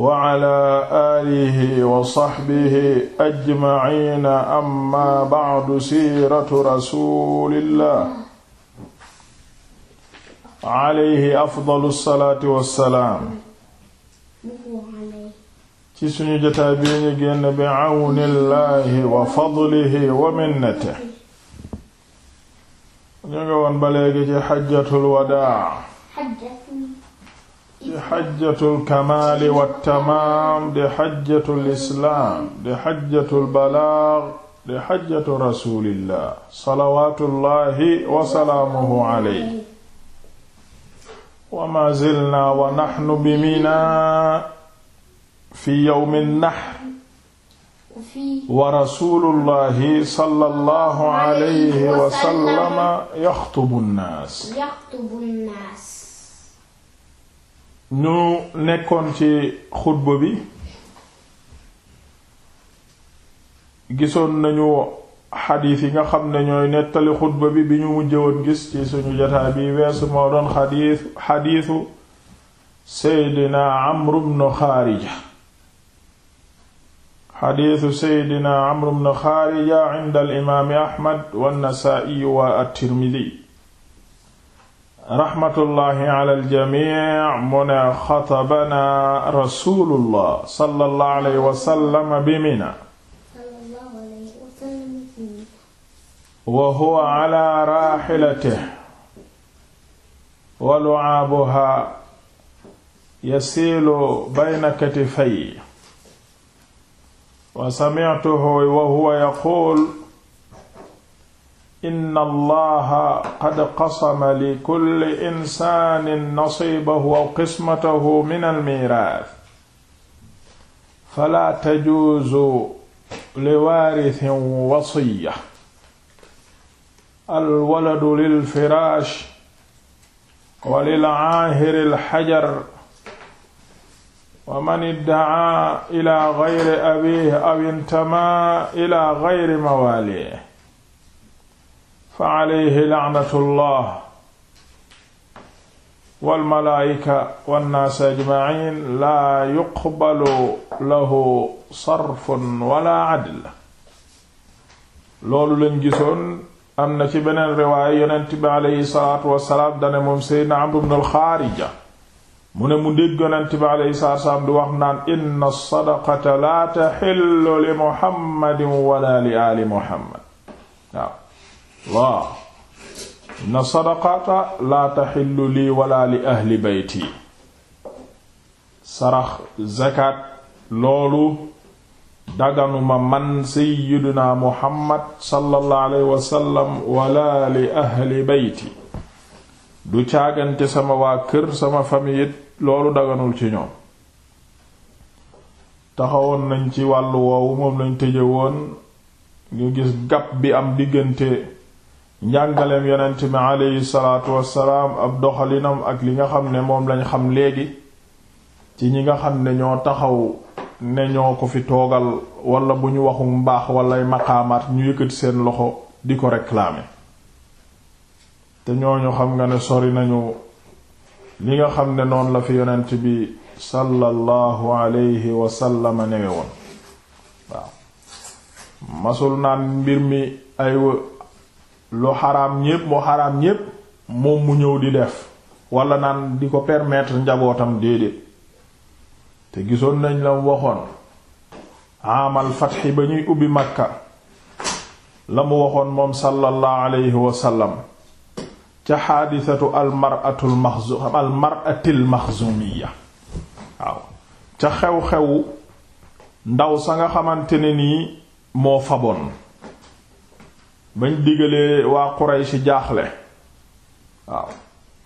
wa ala aalihi wa sahbihi ajmaciina amma bacdu siiratu rasuulillah alayhi afdalu salaatu wa salaam ci suñu jotaay bi ñu génn bi cawnillahi wa fadlihi wa minnatihi ñu ngi woon ba léegi ci xajjatul wadaa di xajjatul kamaali wa tamaam di xajjatul islaam di xajjatul balaag di xajjatu rasulillah salawaatullahi wa salaamuhu alayhi wa ma zilnaa wa naxnu bi minaa fi yawmi naxr wa rasuulullahi sallallahu alayhi wa sallama yaxtubu nnaas ñu nekkoon ci xutba bi gisoon nañu xadiis yi nga xam ne ñooy nettali xutba bi bi ñu mujjëwoon gis ci suñu jataa bi weesu moo doon xadiis xadiisu seydina amru bnu xaarija xadiisu seydina amru bnu xaarija inda al imaami wa nasaa'i wa at raxmatullahi ala aljamic mu ne xatabana rasulullah sallallahu alayhi wasallam bi mina wa huwa ala raxilatihi wa lucaabuha yasiilu bayna katifayhi wa samictuhu wa huwa yaquul inna allaha qad qasama li kulli insaanin nasiibahu aw qismatahu min almiiraas falaa tajuuzu li waarisin wasiya alwaladu lilfiraash wa lilaahiri alxajar wa man iddacaa ilaa gayri abiihi aw intamaa ilaa gayri mawaalihi fa alayhi laanatullah walmalaayika wannaas ajmaciin laa yuqbalu lahu sarfun wala adl loolu lañ gisoon am na ci beneen riwaaya yonent bi aleyhi salaatu wasalaam dane moom seydna amr ibn alxaarija mu ne mu dégg yonent bi aleyhi salaatu wasalaam di wax naan inna sadaqata laa taxillu li muhammadin wala li aali muhammad waaw waaw na sadaqata laa taxillu lii wala li ahli bayti sarax zakat loolu daganuma man sayyiduna muhammad sallallahu alayhi wasallam wala li ahli bayti du caagante sama waa kër sama famille it loolu daganul ci ñoom taxawoon nañ ci wàll woowu moom lañ tëje woon ñu gis gàpp bi am diggante njàngaleem yonent mi aleyhi salaatu salaam ab doxalinam ak li nga xam ne moom lañ xam léegi ci ñi nga xam ne ñoo taxaw ne ñoo ko fi toogal walla bu ñu waxu baax wala maqaamaat ñu yëkkati seen loxo di ko réclamer te ñooñu xam nga ne sori nañu li nga xam ne noonu la fi yonent bi sallallahu alayhi wasallama newe woon waaw masul naan mbir mi aywa lu xaraam ñépp mu xaraam ñépp moom mu ñëw di def walla naan di ko permettre njabootam déedéet te gisoon nañ la waxoon amal fatxi ba ñuy ubbi makka la mu waxoon moom sallallahu alayhi wa ca xaadisatu almaratul maxzum almaratil maxzumiya waaw ca xew-xewu ndaw sa nga xamante ne nii moo faboon bañ digalee waa Quraysh jaaxle waaw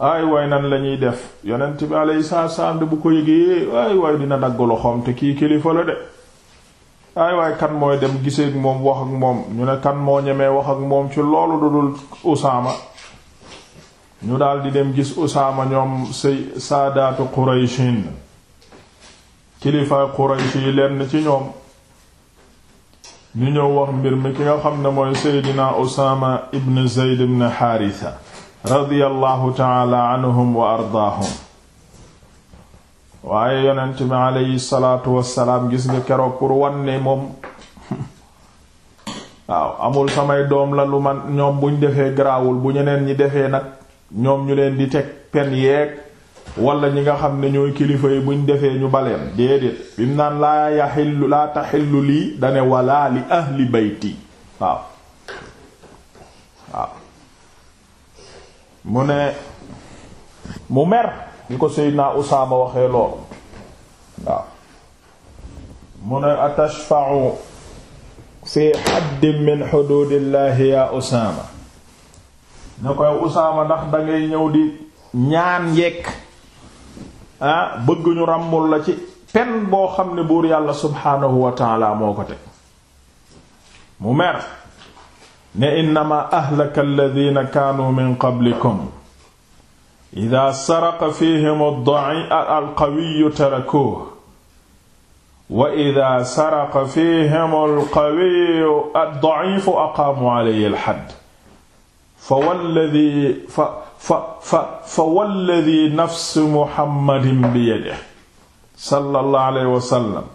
ay waay nan lañuy def yonent bi alayhi salaam bu ko yëgee ay waay dina dagg loxoom te kii kilifa la de ay waay kan mooy dem gisee ak moom wax ak moom ñu ne kan moo ñemee wax ak moom ci loolu dudul Usaama ñu daal di dem gis Usaama ñoom say saadaatu Qurayshin kilifa Quraysh yi lenn ci ñoom ñu ñëw wax mbir mi ki nga xam ne mooy seydina Usaama ibn Zayd ibn Haarisa radiyallahu taala anhum wa ardaahum waaye yonent bi aleyhi salaatu wassalaam gis nga keroog pour wan ne moom amul samay doom la lu man ñoom buñ defee garaawul bu ñeneen ñi defee nag ñoom ñu leen di teg pen yeeg wala ñi nga xam ne ñooy kilifa yi buñ defee ñu baleen déedéet bim naan laa yaxillu laa taxillu lii dane wala li ahli bayti waaw waaw mu ne mu mer li ko Seydina Usaama waxee loolu waaw mu ne atashfa'u fi haddin min xuduudillaahi ya Usaama na koy Usaama ndax dangay ñëw di ñaan yekk ah bëgg ñu ràmmul la ci pen boo xam ne buur yàlla subhaanahu wa taala moo ko teg mu mer ne innama ahlaka alladina kaanu min qablikum ida saraqa fihim alqawiyu tarakuuhu wa ida saraqa fihim alqawiyu addaciifu aqaamu alayhi alxadd fa walladi fa fa fa fa walladi nafsu muhammadin bi yadihi sallallahu alayhi wa sallam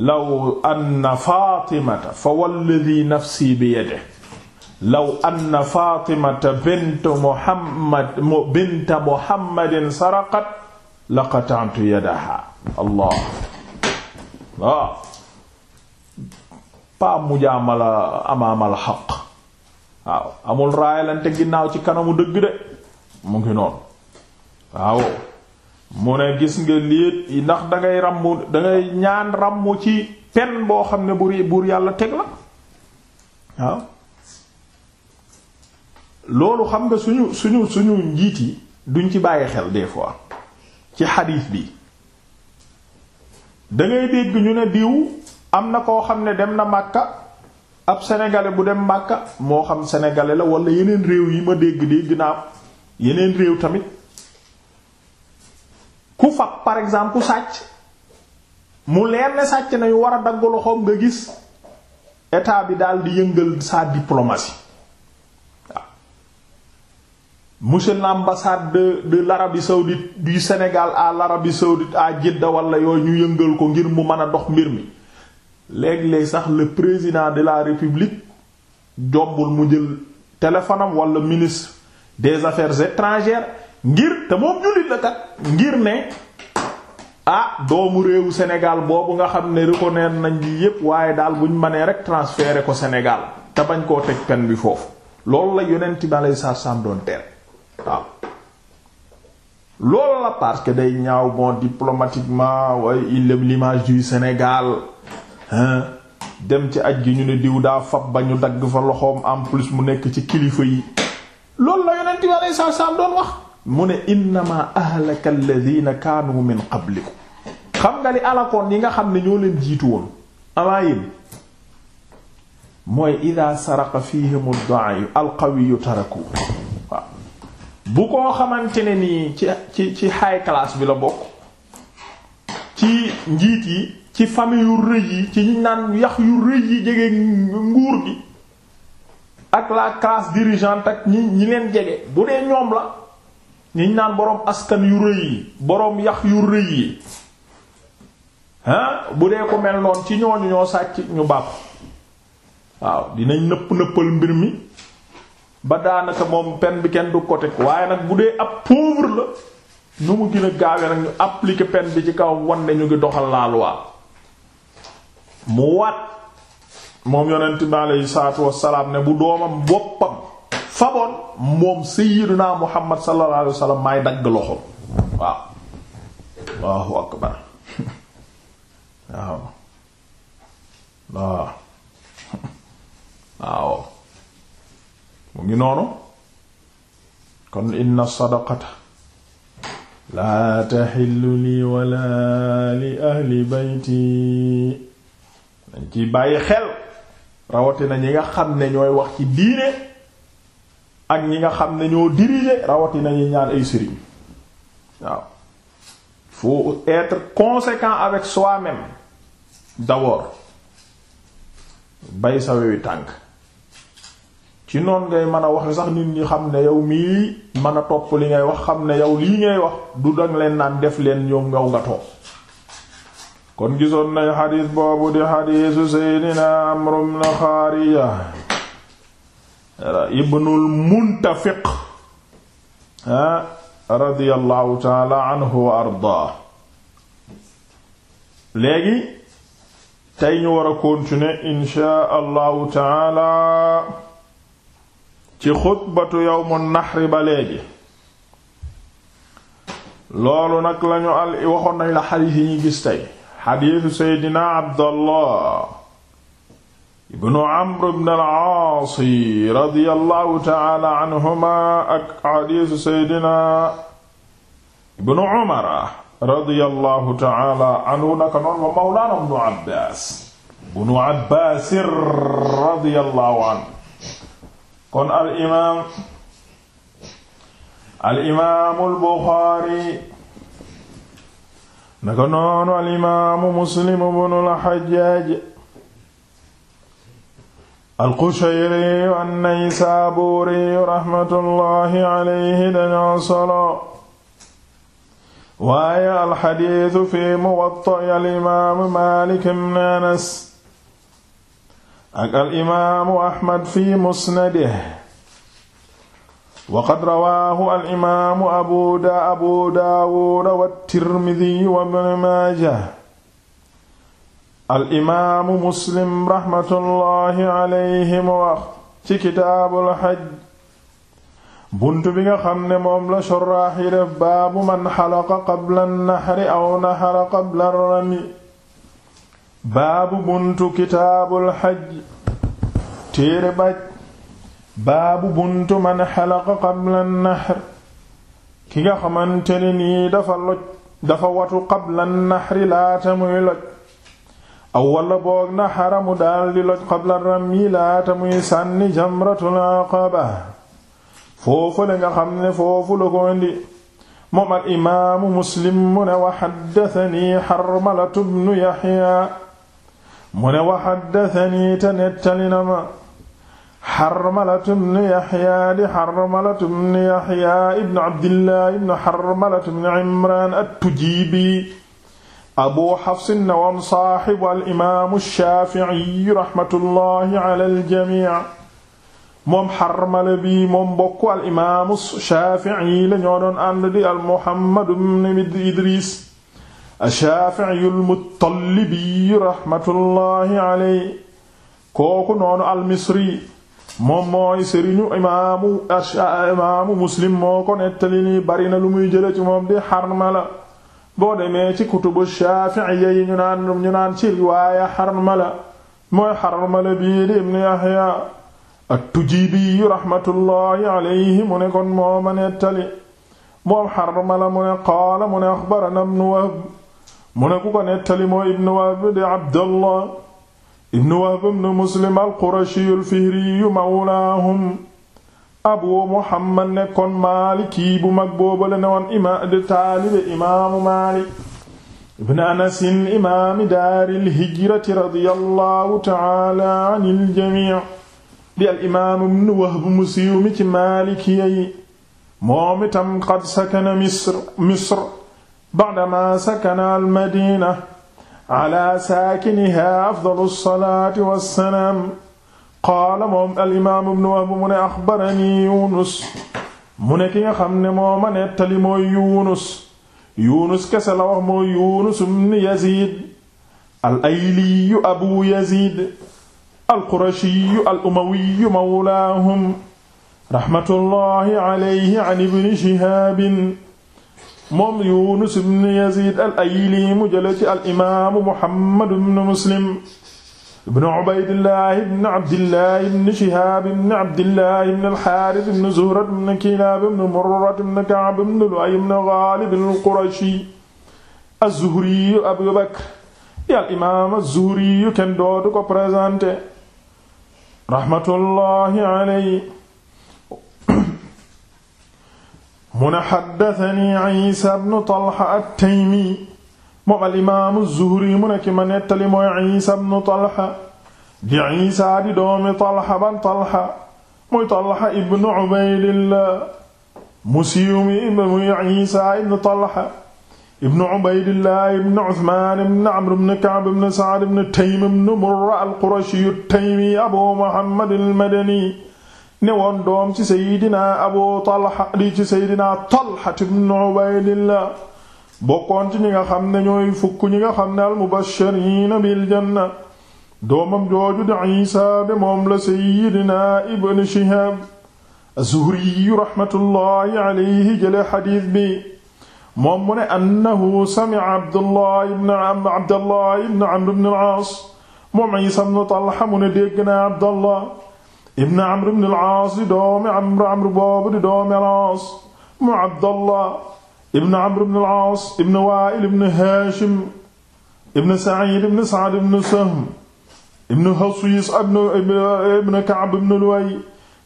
law anna faatimata fa walladi nafsi bi yadihi law anna faatimata bint muhammad bint muhammadin saraqat laqata'tu yadaha allah waaw ah. paa mujaamala amaamal xaq waaw amul raayalante ginnaaw ci kanamu dëgg de mu ngi noonu waaw mu ne gis nga yi ndax dangay ràmmu dangay ñaan ràmmu ci pen boo xam ne buur buur yàlla teg la waaw loolu xam nga suñu suñu suñu njiit yi duñ ci bàyyi xel des fois ci xadiis bi dangay dégg ñu ne diw am na koo xam ne dem na Makka ab sénégalais bu dem Makka moo xam sénégalais la wala yeneen réew yi ma dégg dégg naa yeneen réew tamit ku fab par exemple ku sàcc mu leer ne sàcc yu war a dagg loxoom nga gis état bi daal di yëngal sa diplomatie waaw monsieur l'ambassade de de l'Arabie saoudite du Sénégal à l'Arabie saoudite à Jeddah wala yooyu ñu yëngal ko ngir mu mën a dox mbir mi léeg-léeg sax le président de la république jombul mu jël téléphone am wala ministre des affaires étrangères ngir te moom jullit la kat ngir ne ah doomu réewu Sénégal boobu nga xam ne reconnaître nañ bi yépp waaye daal buñ mënee rek transférer ko Sénégal te bañ koo teg pen bi foofu loolu la yonent bi aleyhi salaatu salaam doon tere waaw loolu la parce day ñaaw bon diplomatiquement waaye il l'image du Sénégal dem ci aj gi ñu ne diw daa fab ba ñu dagg fa loxoom en mu nekk ci kilifa yi loolu la yonent bi alayhi salaam doon wax mu ne innama ahlaka alladhina kaanu min qablikum xam nga li alakoon yi nga xam ne ñoo leen jiitu woon amaa yéen mooy ida saraqa fihim ad-da'i al-qawi taraku waaw bu koo xamante ne nii ci ci high class bi la bokk ci njiit yi ci famille yu rëy yi ci ñu naan yax yu rëy yi jege nguur gi ak la classe dirigeante ak ñi ñi leen jege bu dee ñoom la ñi naan boroom askan yu rëy yi boroom yax yu rëy yi ah bu dee ko mel noon ci ñooñu ñoo sàcc ñu bàpp waaw dinañ nëpp nëppal mbir mi ba daanaka moom pen bi kenn du ko waaye nag bu dee ab pauvre la nu mu gën a gaawee nag ñu appliquer peine bi ci kaw wan ne ñu ngi doxal la loi mu waat moom yonent bi aleyhi salaatu wassalaam ne bu doomam boppam faboon moom sayyiduna muhammad sallallahu alayhi wasallam maay dagg loxo waaw waaw waaw mu ngi noonu kon inna sadaqata laa taxillu lii wala li ahli bayti ci ciy bàyyi xel rawatina ñi nga xam ne ñooy wax ci diine ak ñi nga xam ne ñoo diriger rawatina ñi ñaan ay sëriñ waaw faut être conséquent avec soi-même d'abord bay sa wewi tànk ci noon ngay mën a wax sax nit ñi xam ne yow mii mën a topp li ngay wax xam ne yow lii ngay wax du dang leen naan def leen ñoom ngaw nga toog kon gisoon nañu xadiis boobu di xadiisu seydina amru ibn xaariya ibnul muntafiq ha ah, radiyallahu taala anhu wa ardaa léegi tey ñu war a continuer inshaa allahu taala ci xutbatu yawmu naxri ba léegi loolu nag lañu al waxoon nañ la xadiis yi ñuy gis tey xadiisu seydina abdallah ibnu amr ibn al-aas radiyallahu taala anhuma ak xadiisu seydina ibnu umar radiyallahu taala anhu naka noon wa mawlaana ibnu abbaas ibnu abbaas radiyallahu anhu kon al imaam al imaamul buxaari naka noonu alimaamu muslim bnu lxajaj alqushayri annaysaabuuri raxmatullahi alayhi dañoo solo waaye alxadiisu fi muwatta'i alimaamu maalik ibn anas ak alimaamu ahmad fi musnadihi waqad rawaahu al imaamu abu da abu daawuda wa tirmidi wa ibn maaja al imaamu muslim raxmatullaahi alayhim wax ci kitaabul xaj bunt bi nga xam ne moom la shoraax yi def baabu man xalaqa qabla naxari aw naxara qabla rami baabu buntu kitaabul xaj téere baj baabu buntu man xalaqa qabla naxr ki nga xamante ni dafa loj dafa watu qabla naxri laata muy loj aw boog na xaramu daldi loj qabla ramyi laata muy sànni jamratul aqaba foofu la nga xam ne foofu la ko indi moom al imaamu muslim mu ne wa xaddatani xarmalatu bnu yaxya mu ne wa xaddatani te nettali na ma Harmalatu ibn Yahya di Harmalatu ibn Yahya ibn Abdillah ibn Harmalatu ibn Imran at-Tujibi Abu Hafs ne woon saaxibu al imaamu Shaafi'i rahmatullahi ala al-jamii' moom Harmala bi moom bokk al imaamu Shaafi'i la ñoo doon ànd di al Muhammad ibn Idriis ash-Shaafi'i al-Muttalibi rahmatullahi alayhi kooku noonu al-Misri moom mooy sëriñu imaamu imaamu muslim moo ko nettali nii bari na lu muy jële ci moom di xarmala boo demee ci kutubu shaafi'iyya yi ñu naan ñu naan ci riwaaya xarmala mooy xarmala bii di ibn yahya at-tujibi rahmatullahi alayhi mu ne kon mooma nettali moom xarmala mu ne qaala mu ne axbarana ibn wahb mu ne ku ko nettali mooy ibn wahb di abdallah ibnu wahb ibnu muslim alqurashiyu alfihriyu mawlaahum abu muhammad nekkoon maaliki bu mag booba la ne woon imaam di taalibe imaamu maalik ibn anasin imaami daaril hijrati radiyallahu taala anil jamii di al imaam ibn wahb mu siiw mi ci maalikiya yi moom itam qad sakana misr misr ba'dama sakana al madina ala saakiniha afdalu salaati wassalaam qaala moom alimaam ibnu wahb mu ne axbarani yunus mu ne ki nga xam ne moo ma nettali mooy yunus yunus kese la wax mooy yunus ibnu yazid al ayliyu abu yazid al qurashiyu al umawiyu mawlaahum raxmatullahi alayhi an ibni shihaabin moom Yunus ibn Yazid al Ayli mu jële ci al imaamu Muhammad ibn Muslim ibn Ubaydillah ibn Abdillah ibn Shihab ibn Abdillah ibn al-Harith ibn Zuhra ibn Kilab ibn Murra ibn Ka'b ibn Lu'ay ibn Ghalib al-Qurashi az-Zuhri Abu Bakr al imaam az-Zuhri kenn dootu ko présenté rahmatullahi alayhi mu ne xaddatani isa bnu talha at-taymi moom alimaamu zuhri mu ne ki ma nettali mooy isa bnu talha di isa di doomi talha ban talha muy talha ibnu ubaydillah musiumi muy isa ibnu talha ibnu ubaydillah ibnu uthman ibnu amr ibnu ka'b ibnu sa'd ibnu taym ibnu murra al-qurashi at-taymi abu muhammad al-madani ne woon doom ci seydina abu talha di ci seydina talha ibn ubaydillah bokkoon ci ñi nga xam ne ñooy fukk ñi nga xam ne almubashiriina bil janna doomam jooju di isa de moom la seydina ibn shihab az-zuhri rahmatullahi alayhi jële xadiis bi moom mu ne annahu sami'a abdullah ibn am abdullah al-aas moom mu ne dégg na abdullah ibn amr ibn al-aas di doomi amr amr boobu di doomi al-aas mu abdallah ibn amr ibn al-aas ibn waa'il ibn haashim ibn sa'id ibn sa'd ibn sahm ibn hasiis ibn ka'b ibn luway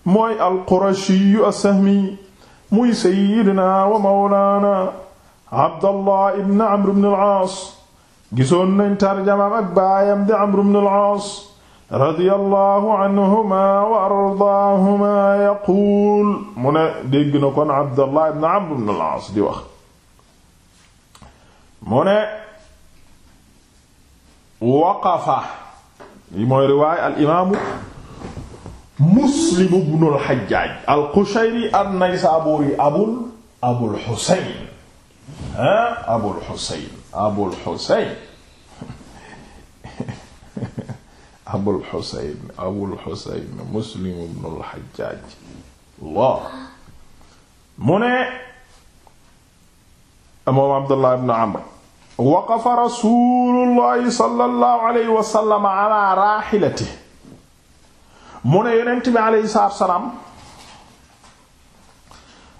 mooy al-qurashiyu as-sahmi muy sayyidina wa mawlaana abdallah ibn amr ibn al-aas gisoon nañ tarjamaam ak baayam di amr ibn al-aas radiyallahu anhuma wa ardaahuma yaquul mu ne dégg na kon abdallah ibn amr ibn al-aas di wax mu ne waqafa li mooy riwaay al imaamu muslim ibn al hajjaaj al qushayri an naysaburi abul abul husayn ha abul husayn abul husayn abul xuseyn abul xuseyn muslim ibnul xajaaj loo mu ne moom abdullah ibn amr waqafa rasuulullahi sallallahu alayhi wa sallam ala raaxilatihi mu ne yonent bi alayhi salaatu wa salaam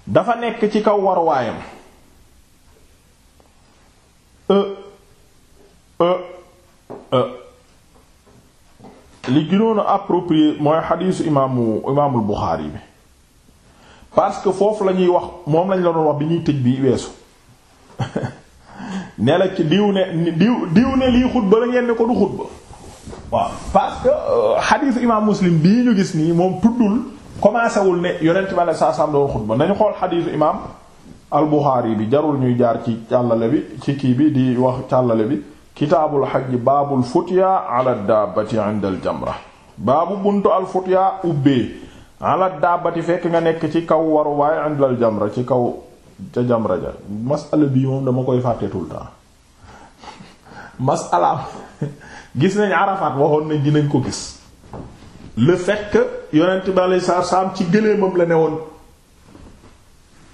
dafa nekk ci kaw warwaayam euh euh euh li gënoon a approprié mooy xadiisu imaamu imaamul Buxaari bi parce que foofu la ñuy wax moom lañ la doon wax bi ñuy tëj bi weesu ne la ci diw ne diw diw ne lii xutba la ngeen ne ko du xutba waaw parce que euh, xadiisu imaam Muslim bii ñu gis nii moom tuddul commencé wul ne yonent bi saa saam doon xutba nañu xool xadiisu imaam al bi jarul ñuy jaar ci càllale bi ci kii bi di wax càllale bi. kitaabul xaj baabul futyaa ala daabati inda al jamra baabu buntu al futyaa ubbee ala daabati fekk nga nekk ci kaw waru waaye inda al jamra ci kaw ca jamra ja masala bii moom dama koy fàtte tout le temps gis nañ Arafat waxoon nañ dinañ ko gis le fait que yonent bi alayhi salaam ci gëléemam la woon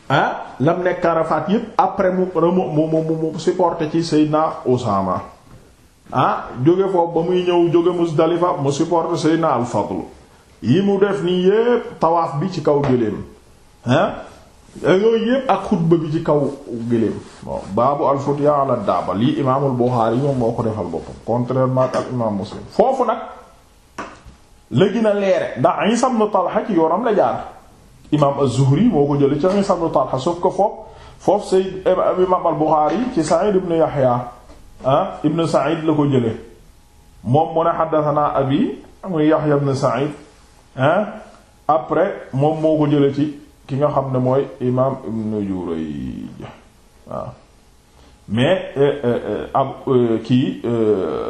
ah lam nekk Arafat yépp après mu mu mu mu supporté ci Seydina osama ah jóge foofu ba muy ñëw jóge Musdalifa mu supporté Seydina al-Fadl yi mu def nii yépp tawaaf bi ci kaw gëléem eh, yooyu yépp ak xutba bi ci kaw gëléem bon baabu al-futyaa ala daaba lii imaamul Buxaari yi moom moo ko defal boppam contrairement ak imaam Muslim foofu nag la gën a leere ndax Iisa ibn Talha ci yoonam la jaar imaam az-Zuhri moo ko jëlee ci Isaam ibn Talha sauf que foofu foofu Sayyid imaam al-Bukhari ci Sa'id ibn Yahya ah, ibn Sa'id la ko jëlee moom mu ne haddathana abi ah, après moom moo ko jëlee ci ki nga xam ne mooy imaam ibn Jurayj mais eh, eh, eh, ab kii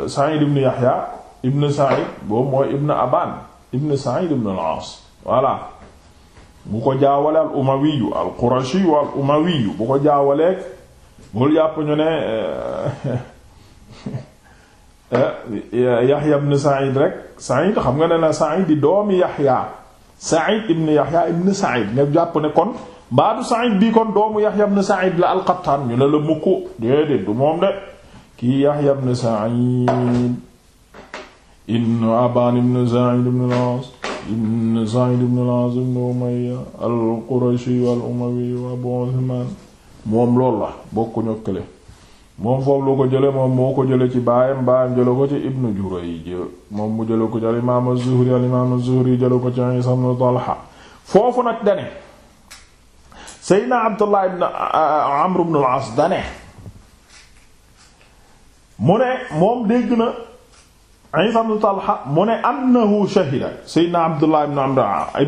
Sa'id ibn Yahya ibn Sa'id boobu mooy ibn Aban ibn Sa'id ibn al-As voilà. bu ko jaawale al umawiyu al qurashiyu al umawiyu bu ko jaawaleeg bul yàpp ñu ne eh, eh, Yahya ibn Sa'id rek Sa'id xam nga ne na Sa'id di doomi Yahya Sa'id ibn Yahya ibn Sa'id nga jàpp ne kon baatu Sa'id bii kon doomu Yahya ibn Sa'id la al-Qattan ñu ne la mukku déedéet du moom de kii Yahya ibn Sa'id ibn Aban ibn Sa'id ibn al ibn Sa'id ibn al ibn Umayya al-Qurashi al-Umawi Abu Uthman moom loolu la bokku ñu kële moom foofu lu ko jële moom moo ko jële ci baayam baayam jële ko ci ibn Jurayj moom mu jële ko ci al-Imam az-Zuhri al-Imam az-Zuhri jële ko ci Isa ibn Talha foofu nag dane Seydina Abdullah ibn uh, Amr ibn as dane mu ne moom dégg na Isa ibn Talha mu ne annahu shahida Seydina Abdullah ibn Amr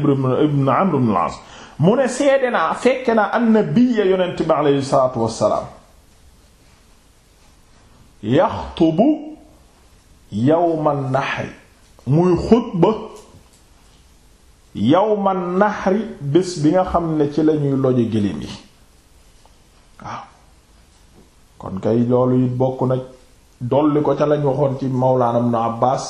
ibn Amr ibn al-As mu ne naa fekke naa annabiyya yonent bi aleyhi nga xam ne ci lañuy loje gëléem yi waaw kon kay loolu it bokk na dolli ko ca lañ waxoon ci Mawlaana Ibn Abbaas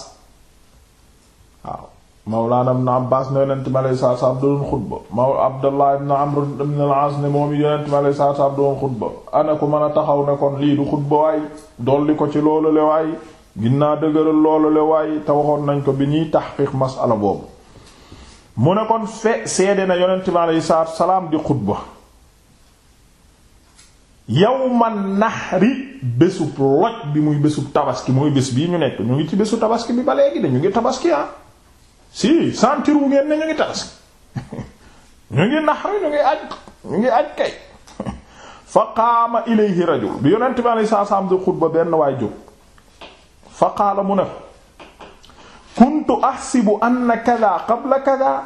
waaw Mawlaana Ibn Abbaas na yonent mi alayhi salaatu salaam doon xutba maw Abdallah ibn Amr ibn al-As ne moom yonent mi alayhi salaatu salaam doon xutba ana ku mën a taxaw ne kon lii du xutba waay dolli ko ci loolu le waay ginnaa dëgëral loolu le waay te waxoon nañ ko bi ñuy taxqiq masala boobu mu ne kon fe seede na yonent mi alayhi salaam di xutba yawman nahri bésub loj bi muy bésub tabaski mooy bés bii ñu nekk ñu ngi ci bésu tabaski bi ba léegi de ñu ngi tabaski ah si sentir wu ngeen ne ñu ngi tabaski ñu ngi nahri ñu ngi aj ñu ngi aj kay fa qaama ilayhi rajul bi yonent bi alayhi salaam xutba benn waay jóg fa qaala mu ne ko kuntu ahsibu anna kada qabla kada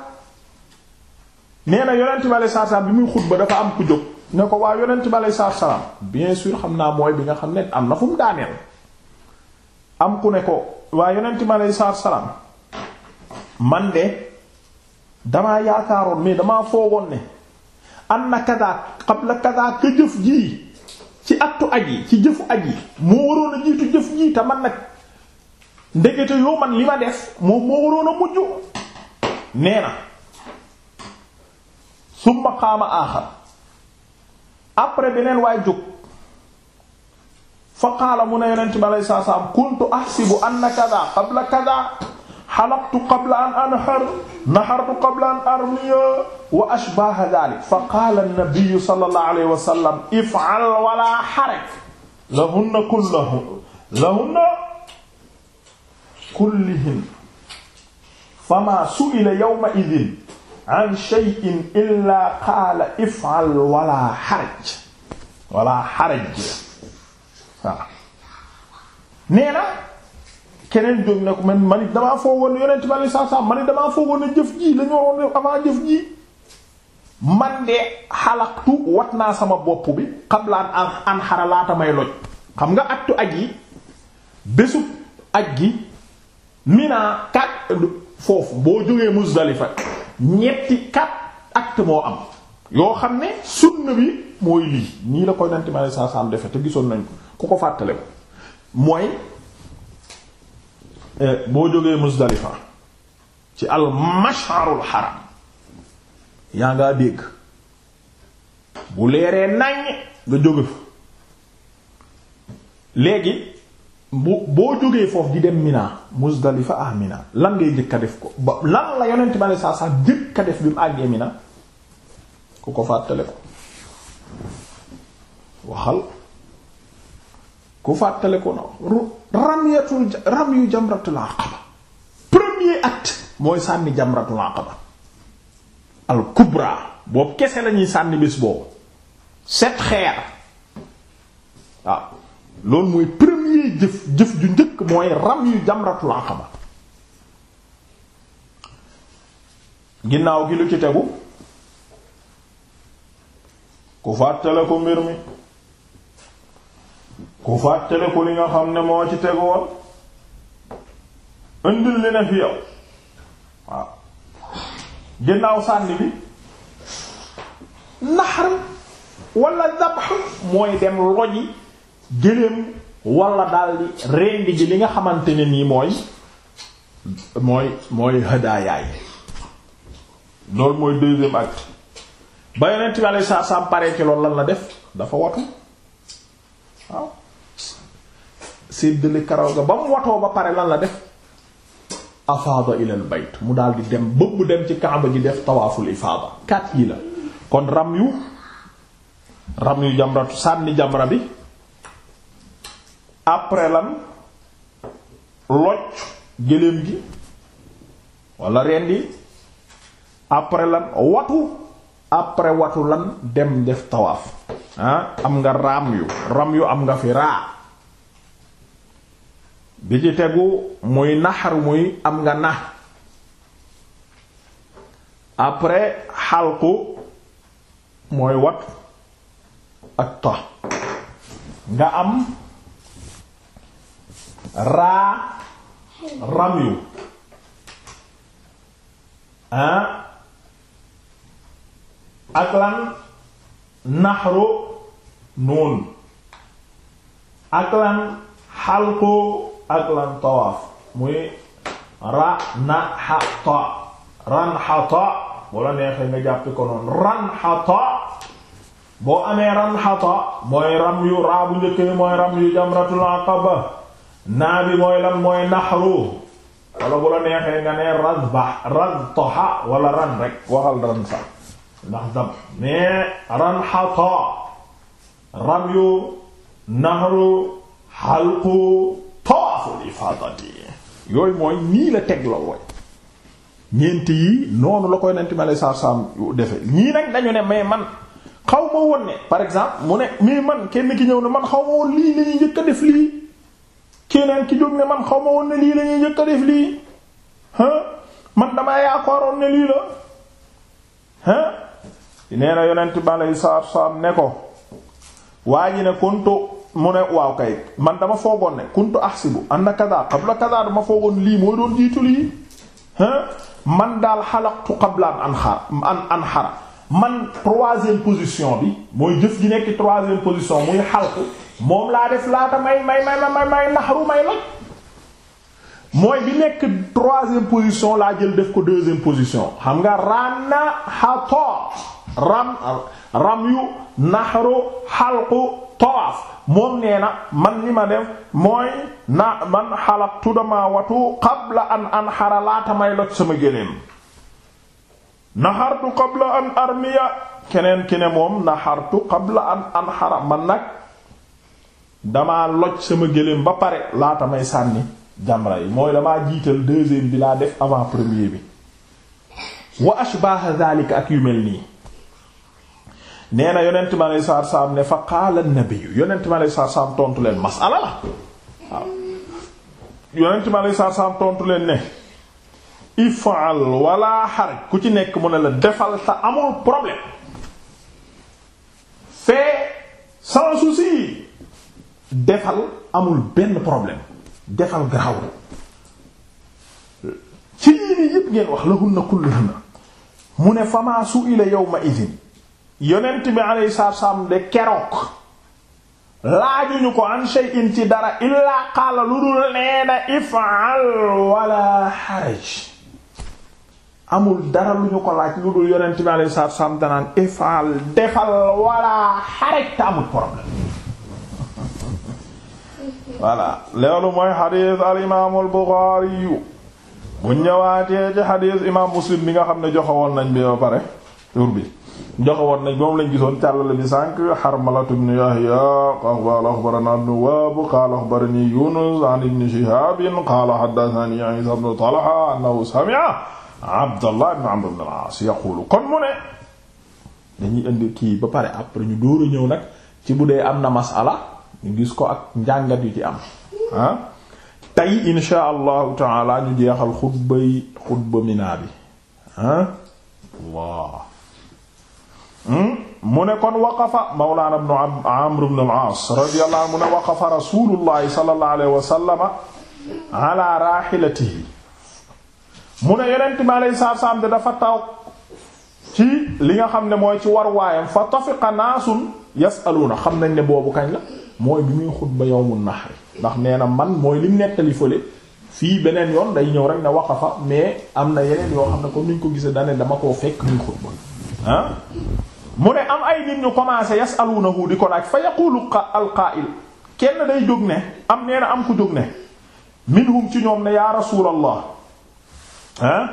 nee na yonent bi alayhi bi muy xutba dafa am ku jóg ne ko waa yonent bi aleyhi salaatu salaam bien sûr xam naa mooy bi nga xam ne am na fu mu daaneel am ku ne ko waa yonent bi aleyhi salaam man de damaa yaakaaroon mais damaa foogoon ne am na kadaa qabla kadaa ka jëf jii ci attu aj yi ci jëfu aj yi moo waroon a jiitu jëf jii te man nag ndegete yoo man li ma def moom moo waroon a mujj nee na summa qaama aaxar après beneen waay jóg fa qaala mu ne yonent bi alayhi salaam kuntu ahsibu anna kaza qabla kaza xalaqtu qabla an anhar nahartu qabla an armiya wa ashbaha dhalik fa qaala an-nabiy sallallahu alayhi wa sallam if'al wala haraj lahunna kulluhun lahunna kulluhun fama su'ila yawma idhin an shay'in illa na keneen jóg ne ko man man it damaa foogoon yonent jëf ji man de xalaqtu wat naa sama bopp bi xablaan an xara may loj xam nga attu aj yi bésub aj gi mina kat foofu boo jógee Muzdalifa ñetti quatre actes moo am yoo xam ne sunna bi mooy lii nii la koy nanti ma ne saa saam defe te gisoon nañ ko ku ko fàttale ko mooy eh, boo jógee Muzdalifa ci al masharul haram yaa ngaa dégg bu leeree nañ nga jóge fa léegi bu boo jógee foofu di dem Mina Muzdalifa ah lan ngay jëkka def ko ba lan la yonent ma ne saa sax jëkka def bi mu àggee Mina ku ko fàttale ko waxal ku fàttale ko na ramyatul ram yu jamratul aqaba premier acte mooy sànni jamratul aqaba al boobu kese lañuy sànni bis boobu set xeer waaw lool mooy premier jëf jëf ju njëkk mooy ram yu jamratul aqaba ginnaaw gi lu ci tegu ku fàttale ko mbir mi ku fàttale ko li nga xam ne moo ci tegu woon indil li ne fi yow ginnaaw sànni bi naxar wala dabx mooy dem loji gëléem wala daldi rendi ji li nga xamante ne nii mooy mooy mooy hadaayaay loolu mooy deuxième acte ba yonent bi alei saat paree ci loolu lan la def dafa watu waaw séddale karaw ga ba mu watoo ba pare lan la def afaada ilal bayt mu daal di dem bëbb dem ci kaama gi def tawaaful ifaada kat yi la kon ram yu ram yu jamratu sànni jamra bi après lan locc gëléem gi wala rendi après lan watu après watu lan dem def tawaaf ah, am nga raam yu ram yu am nga fi raa bi ci tegu muy naxar muy am nga nax après xalqu mooy wat ak ta nga am raa ramyu ah ak lan naxru noonu ak lan xalqu ak lan muy ra na xata ran xata boo neexee nga jàppi ko noonu ran xata boo amee ran xata mooy ram yu raa bu njëkk mooy ram yu jamratul aqaba naa bi mooy lan mooy naxru wala bu la neexee nga ne razba raztaha wala ran rek waxal ran sax ndax dab mais ran xata ram yu naxru xalqu tawaaful ifaadati yooyu mooy nii la teg la wooy ñeent yi noonu la koy nenti ma lay saar-saam defe ñii nag dañu ne mais man xaw ma won ne par exemple mu ne mais man kenn ki ñëw ne man xaw ma lii la ñuy def lii keneen ki jóg ne man xaw ma woon ne lii la ñuy a def lii man damaa yaakaaroon ne lii la ah nee na yonent balay saar saar ne ko waa ji ne kuntu mu ne waaw kay man dama foogoon ne kuntu ahsibu anna kaza qabla kaza dama foogoon lii mooy doon jiitu lii man daal xalaqtu qabla an an anxara man troisième position bi mooy jëf gi nekk troisième position muy xalqu moom laa def laata may may may may may naxaru may loj mooy bi nekk troisième position laa jël def ko deuxième position xam nga ranna xatoor ram ram yu naxaru xalqu tawaaf moom nee na man li ma def mooy na man xalaqtu dama watu qabla an anxara laata may loj sama géléem naxartu qabla an armiya keneen ki ne moom naxartu qabla an anxara man nag damaa loj sama gëléem ba pare laata may sànni jamra yi mooy damaa jiital deuxième bi laa def avant premier bi wa ashbaha zalika ak yu mel nii nee yonent mi aleyhi salaatu ne fa qaala an-nabiyyu yonent mi aleyhi salaatu tontu leen masala la waaw yonent mi aleyhi salaatu tontu leen ne ifal wala xaraj ku ci nekk mu ne la defal te amul problème c'est sans souci defal amul benn problème defal garaawul ci yii nii yëpp ngeen wax lahunna kulluhunna mu ne famaa su ila yawma idin yonent bi alayhi salaam de keroog laajuñu ko an shay'in ci dara illaa qaala lu dul neena if'al wala haraj amul dara lu ñu ko laaj lu dul yonent bi alayhi salaam danaan if'al defal wala haraj te amul problème voilà loolu mooy xadiis al imaamul Buxaari bu ñëwaatee ci xadiis imaam Muslim bi nga xam ne joxe woon nañ bi ba pare tur bi joxe woon nañ moom lañ gisoon càllale bi sànq Harmalatu ibn Yahya qaala axbarana an-Nuwaab qaala axbarani Yunus an ibn Shihaab qaala haddathani Iisaa ibn Talha annahu sami'a Abdallah ibn Amr ibn al-Aas yaqulu kon mu ne dañuy indi kii ba pare après ñu dóoru ñëw nag ci bu dee am na masala ñu gis ko ak njàngat yu ci am ah tey insha allahu taala ñu jeexal xutba yi xutba minaa bi ah? hmm? mu ne kon waqafa mawlaana ibnu amr ibn al-aas radiyallahu anhu mu ne waqafa rasulullahi sallallahu alayhi wa sallama ala rahilatihi mu dafa taw ci li nga xam ne mooy ci war waayam fa tafiqa naasun yasaluuna xam nañ ne boobu kañ la mooy bi muy xutba yawmun nahr ndax nee na man mooy lim nettali fële fii beneen yoon day ñëw rek ne waqafa mais am na yenn yoo xam ne comme niñ ko gisee dane dama koo fekk muy xutba mu ne am ay nit ñu commencé yasaluunahu di ko laaj fa yaqulu alqaa'il kenn day jóg ne am nee am ku jóg ne minhum ci ñoom ne ya rasulallah ah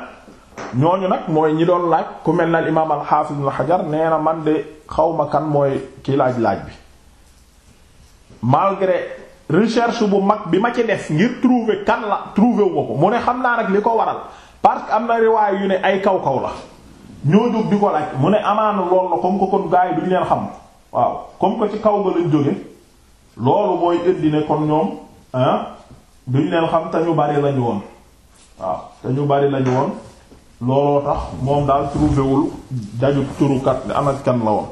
ñooñu nag mooy ñi doon laaj ku mel na al imaam al xaafiz ibn Hajar nee neena man de xawma kan mooy ki laaj laaj bi malgré recherche bu mag bi ma ci def ngir trouver kan la trouver wu ko mu ne xam naa nag li ko waral parce que am na riwaay yu ne ay kaw kaw la ñoo jóg di ko laaj mu ne amaana lool la comme que kon gars yi duñ leen xam waaw comme que ci kaw ga lañ jóge loolu mooy indi kon ñoom duñ leen xam te ñu bari lañu woon waaw te ñu bari lañu woon looloo tax moom daal trouver wul daju turukat am ak kan la woon.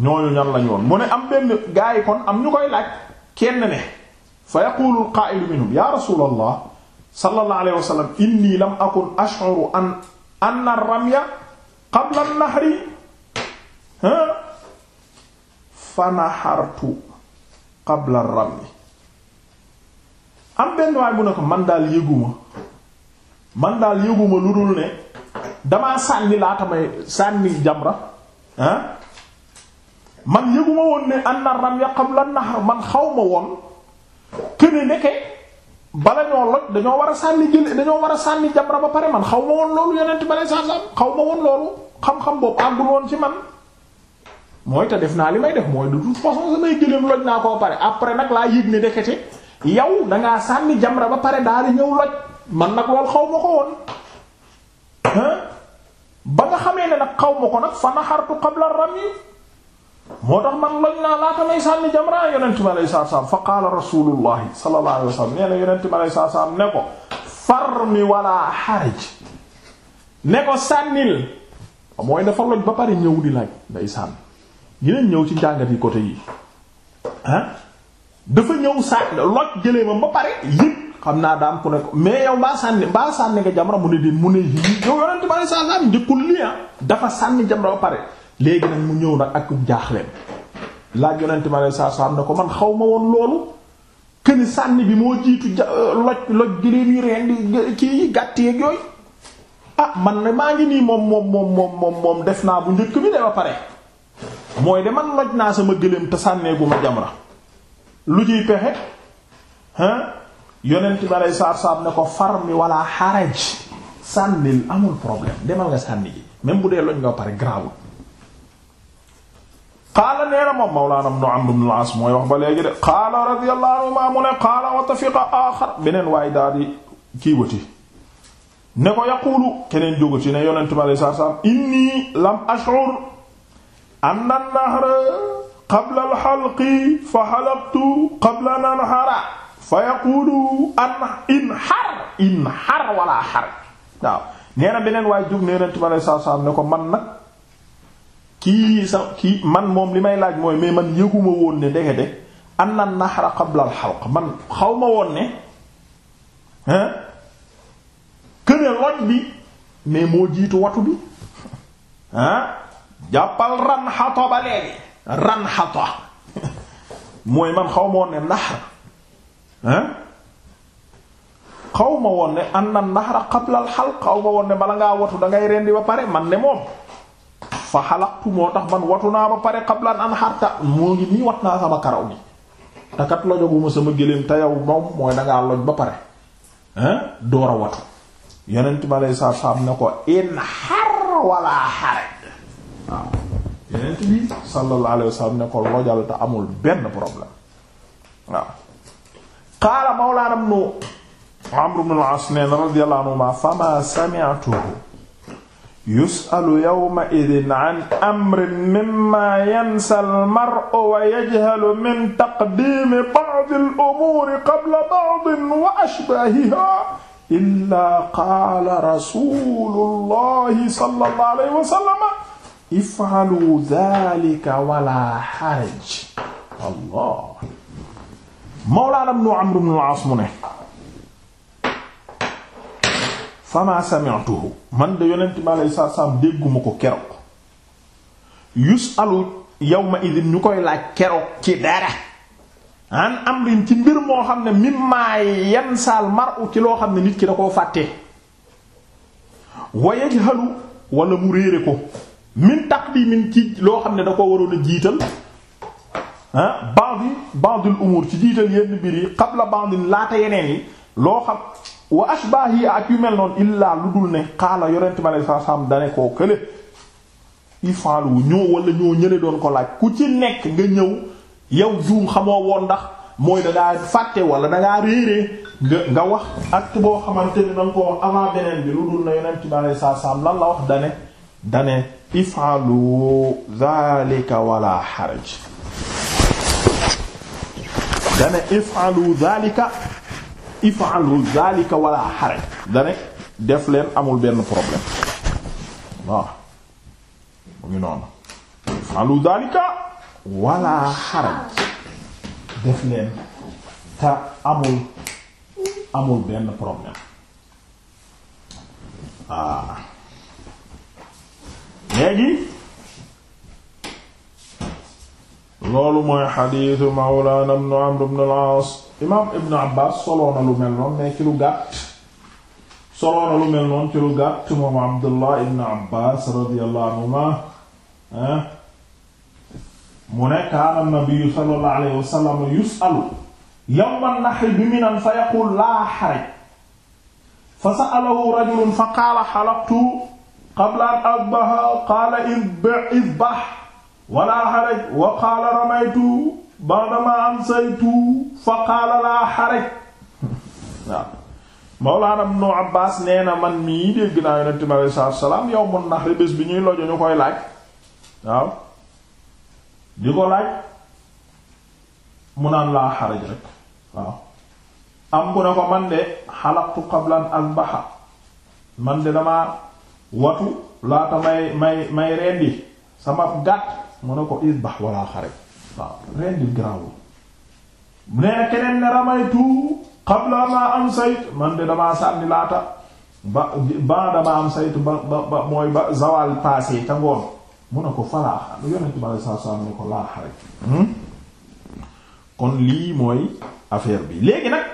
ñooñu ñan lañu woon mu ne am benn gaa yi kon am ñu koy laaj kenn ne fa yaqulu al qaa'ilu minhum ya rasul allah sallallahu alayhi wa inni lam akun ash'uru an anna ar-ramya qabla an-nahri ha fa nahartu qabla ar-ramyi am benn waay bu ne ko man daal yëguma man daal yëguma lu dul ne damaa sànni laata may sànni jamra ah man yëguma woon ne anna ramya qabla nahar man xaw ma woon këne ndeke bala ñoo loj dañoo war a sànni jël dañoo war a sànni jamra ba pare man xaw ma woon loolu yonent ba saa sànsam xaw ma woon loolu xam-xam boobu àggul woon ci man mooy te def naa li may def mooy de toute façon samay gëléem loj naa koo pare après nag laa yëg ne ndekete yow dangaa sànni jamra ba pare daal di ñëw loj man nag loolu xaw ma ko woon ba nga xamee ne nag xaw ma ko nag fa nahartu qabla rami moo tax man lañ naa laata may sànni jamra yonent bi alayhi salaam fa qaala rasulullah sallallahu alayhi wasallam nee na yonent bi alayhi salaam ne ko far mi wala xaraj ne ko sànnil mooy dafa loj ba pare ñëw di laaj nday sànn gineen ci njàngat yi côté yi ñëw sànn loj jëlee mam naa daam ko mais yow mbaa sànni jam sànni nga ah, sànni jamra ba pare léegi nag mu ñëw nag ak jaaxleem laaj yonent mi aleyhi salaatu salaam ne ko man xaw ma woon loolu këni sànni bi moo jiitu ja euh, loj loj giléem yi reen di kii gàtt ah man na maa ngi nii moom moom moom moom moom def naa bu njëkk bi de ba pare mooy de man loj naa sama gëléem te sànnee gu ma jamra lu jiy pexe hein yonent bi aleyhi salaatu salaam ne ko far mi walla xaraj sànnil amul problème demal nga sànni ji même bu dee loj nga pare grawul qaala neena moom mawlaana ibn Amr ibn al-As mooy wax ba léegi de qaala radiyallahu anhu mu ne qaala wa tafiqa aaxar beneen waaye daal di kiiwati ne ko yaqulu keneen jógu ci ne yonent bi alayhi salaam inni lam ash'ur anna an-nahra qabla al-halqi fa halaqtu qabla an anhara fa yaqulu an inhar inhar wala har waaw nee na beneen waaye jóg ne yonent bi alayhi salaam ne ko man nag kii sa kii man moom li may laaj mooy mais man yëguma woon ne ndekete anna nahra qabla al halq man xaw ma woon ne hein këne bi mais moo jiitu watu bi hein xato ba léegi ran mooy man xaw ma woon ne nahra hein woon ne anna nahra qabla al halq xaw ma woon ne bala ngaa watu dangay rendi ba pare man ne moom fa xalaqtu moo tax man watu naa ba pare xablaan an xarta moo ngi nii wat naa sama karaw ni takat lojoguma sama géléem te yow moom mooy dangaa loj ba pare hein door a watu yonent bi aleyhi salaam ne ko in xar wala xaraj waaw yonent lojal te amul benn problème waaw qaala mawlaana ibnu Amr ibn al-As radiyallahu anhu ma fama sami'tuhu yusalu yawma idin an amrin mimma yansa almaru wa yajhalu min taqdiimi ba'di al-umuuri qabla ba'din wa ashbaahiha illaa qaala rasuulullahi sallallahu alayhi wa sallam if'alu dhaalika walaa haraj. Allah Mawlaana ibn Amr ibn al-Aas mu ne fama sami'tuhu man de yonent bi aleyhi salaatu dégguma ko keroog yusalu yawma idin ñu koy laaj keroog ci dara an amrin ci mbir moo xam ne mimma yansaal mar'u ci loo xam ne nit ki da koo fàtte wa yajhalu wala mu réere ko min taqdimin ci loo xam ne da koo waroon a jiital ah ba'di ba'dul umur ci jiital yenn mbir yi qabla ba'din laata yeneen yi loo xam wa ashbaah yi ak yu mel noonu illaa lu dul ne xaala yonent bi alei sat salaam dane koo kële ifaalu ñoo wala ñoo ñële doon ko laaj ku ci nekk nga ñëw yow juum xamoo woon ndax mooy dangaa fàtte wala dangaa réeree nga nga wax acte boo xamante ni danga ko wax avant beneen bi lu dul ne yonent bi alei sat lan la wax dane dane ifaalu zalika wala xaraj dane ifaalu zalika if'alu zalika wala xaraj dane def leen amul benn problème waaw mu ngi noonu if'alu zalika wala xaraj def leen te amul amul benn problème waaw léegi loolu mooy xadiisu mawlaana ibnu amr ibnu al-aas imaam ibnu abbaas soloona lu mel noonu mais ci lu gàtt soloona lu mel noonu ci lu gàtt moom abdullah ibnu abbaas radiyallahu anhuma mu ne kaana nabiyyu sallallahu alayhi wa sallam yus'alu yawma nahri bi minan fa yaqulu laa haraj fa sa'alahu rajulun fa qaala halaqtu qabla an adbaha qaala izbah wala xaraj wa qaala ramaytu ba'dama amsaytu laa xaraj waaw Mawlaana Ibnu nee na man mii dégg naa Yonent mi alayhi yow wa salaam yawmun bi ñuy lojo ñu koy laaj waaw di ko laaj mu naan laa xaraj rek waaw am ku ne ko man de xalaqtu qabla an man de damaa watu laata may may may rendi sama gàtt mu ne ko isbax wala xaraj waaw rendil grawul mu ne keneen ne ramaytu qabla ma am sayt man de damaa sànni laata ba ba dama am sayt ba ba ba mooy ba zawal passé ca ngoon mu ne ko falaa xaraj yonent bi sallallahu alayhi wasallam ne ko laa xaraj hmm? kon lii mooy affaire bi léegi nag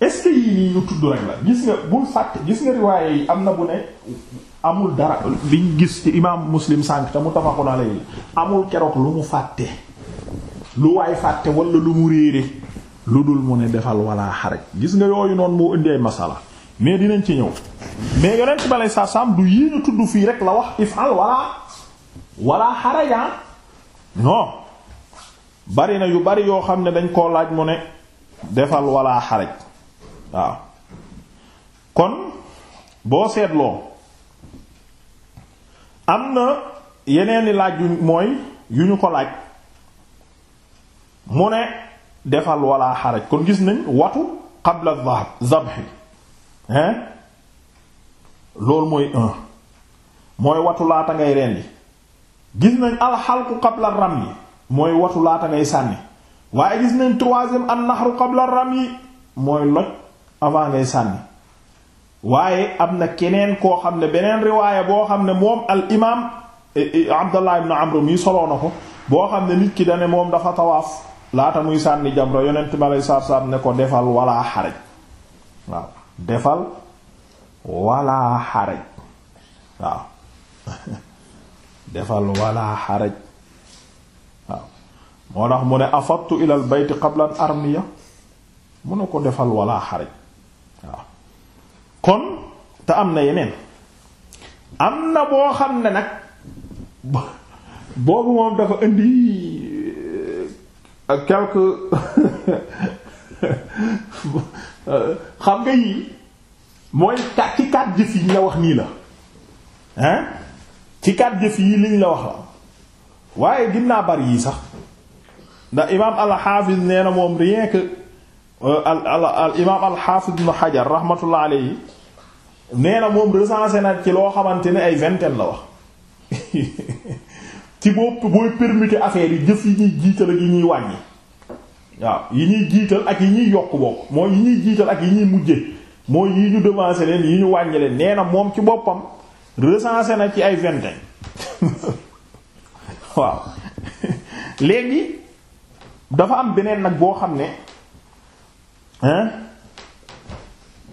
est-ce nii ñu tudd rek la gis nga bul fàtte gis nga riwaaye yi am na bu ne amul dara liñ gis ci imaam muslim sànq te muttafaqun alayhi amul keroog lu mu fàtte lu waay fàtte wala lu mu réere lu dul mu ne defal wala xaraj gis nga yooyu noonu moo indi masala mais dinañ ci ñëw mais yonent bi alei sat salaam du yii ñu tudd fii rek la wax ifal wala wala xaraja non bari na yu bari yoo xam ne dañ koo laaj mu ne defal wala xaraj waaw kon boo seetloo am na yeneeni laaj yu mooy yu ñu ko laaj mu ne defal wala xaraj kon gis nañ watu qabla zab zabhi hein loolu mooy mooy watu laata ngay rendi gis nañ alxalqu qabla ram yi mooy watu laata ngay sànni waaye gis nañ troisième an naxru qabla ram yi mooy loj avant ngay sànni waaye am na keneen koo xam ne beneen riwaaya boo xam ne moom al imaam e, e, Abdallah ibn Amr mi soloo na ko boo xam ne nit ki dane moom dafa tawaaf laata muy sànni jamra yonent ma lay saab-saab ne ko defal wala xaraj waaw defal wala xaraj waaw moo tax mu ne afattu ila al bayt qabla an armiya mu ne ko defal wala xaraj kon te am na yeneen am na boo xam ne nag boobu moom dafa indi euh, quelque xam nga yii mooy kat ci kat jëf yi ñu la wax nii la hein ci kat jëf yi liñ la wax la waaye ginnaa bari yii sax ndax imaam alxaafis nee na moom rien que euh, al al imaam alxaafis ibn Hajar rahmatullah alayhi nee na moom recensé na ci loo xamante ne ay vingtaine la wax ci bopp booy permuter affaire yi jëf yi ñuy jiital ak yi ñuy wàññi waaw yi ñuy jiital ak yi ñuy yokk bokk mooy jiital ak yi ñuy mujje mooy yi ñu devancer leen yi ñu wàññi leen nee na moom ci boppam recensé na ci ay vingtaine waaw léegi dafa am beneen nag boo xam ne hein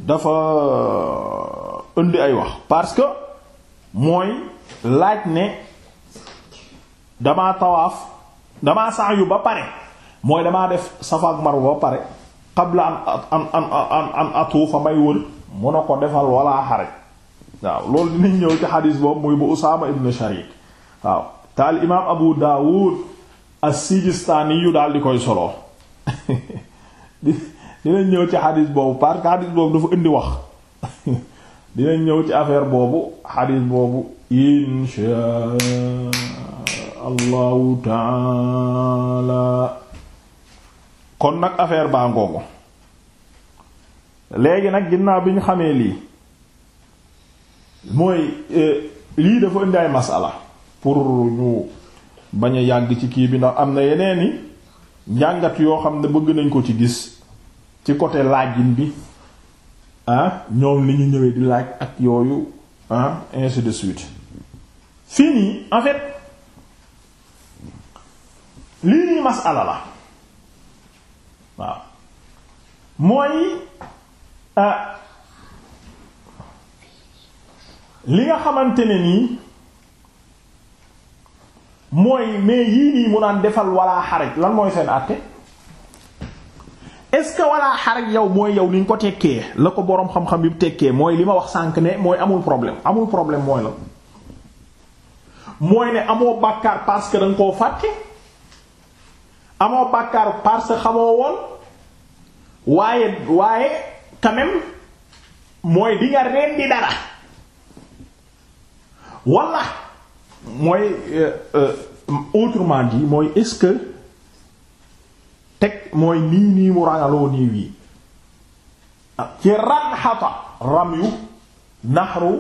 dafa euh, indi ay wax parce que mooy laaj ne damaa tawaaf damaa sa'yu ba pare mooy damaa def Safa ak ba pare qabla an an an may wër mun a ko defal wala xaraj waaw loolu dinañ ñëw ci xadiis boobu muy bu Usaama ibn Sharik waaw te al imaam Abu Daawud as-Sijistaani yu daal di koy solo dinañ ñëw ci xadis boobu parce que xadis boobu dafa indi wax dinañ ñëw ci affaire boobu xadis boobu insha allahu taala kon nag affaire baa ngoogu léegi nag ginnaaw bi ñu xamee lii mooy e, lii dafa indi ay masala pour ñu bañ a yàgg ci kii bi ndax am na yeneen yeneeni njàngat yoo xam ne bëgg nañ ko ci gis ci côté laajin bi ah ñoom li ñu ñëwee di laaj ak yooyu ah ainsi de suite fii nii en fait lii nii masala la waaw mooy ah, li nga xamante ne nii mooy mais yii nii mu naan defal wala xaraj lan mooy seen àtte est-ce que walla xarak yow mooy yow ni ñu ko tekkee la ko boroom xam-xam yi tekkee mooy li ma wax sànk ne mooy amul problème amul problème mooy la mooy ne amoo bàkkaar parce que da koo fàtte amoo bàkkaar parce que xamoo woon waaye waaye quand même mooy di nga rendi dara walla mooy euh, euh, autrement dit mooy est-ce que teg mooy nii nii mu ragaloo niiw yi ah, ci ran xata naxaru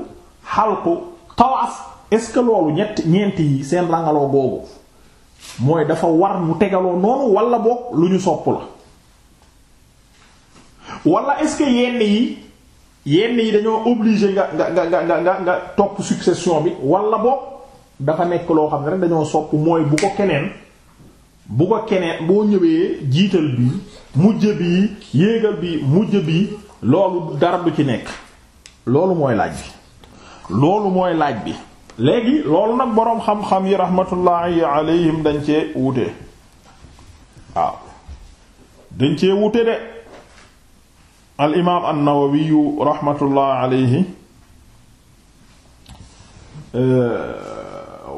xalqu tawaaf est-ce que loolu ñett ñeent yi seen rangaloo googu mooy dafa war mu tegaloo noonu wala boog lu ñu sopp la wala est-ce que yenn yi yenn yi dañoo obligé nga nga nga nga topp succession bi walla boog dafa nekk loo xam ne rek dañoo sopp mooy bu ko keneen bu ko keneen boo ñëwee jiital bi mujj bi yéegal bi mujj bi loolu dara du ci nekk loolu mooy laaj bi loolu mooy laaj bi léegi loolu nag boroom xam-xam yi rahmatullahi alayhim dañ cee wute waaw dañ cee wute de al imaam an-Nawawi rahmatullahi alayhi euh,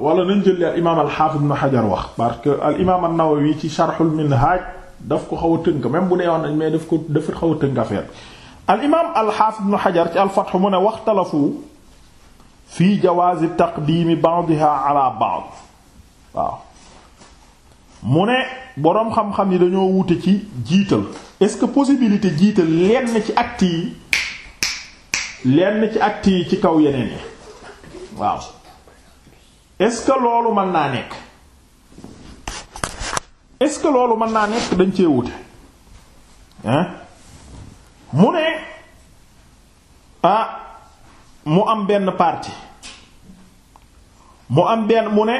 wala nañ jële li al imaam al-Hafiz Ibn Hajar wax parce que al imaam an-Nawawi ci Sharhul Minhaj daf ko xaw a tënk même bu nee woon nañ mais daf ko dafa xaw a tënk affaire al imaam al-Hafiz Ibn Hajar ci al-Fath mu ne waxtalafu fii jawaazi taqdiimi ba'diha ala ba'd waaw mu ne boroom xam-xam yi dañoo wute ci jiital est-ce que possibilité jiital lenn ci actes yi lenn ci actes yi ci kaw yeneen yi waaw est-ce loolu mën naa nekk est-ce que loolu mën naa nekk dañ cee wute mu ne ah mu am benn parti mu am benn mu ne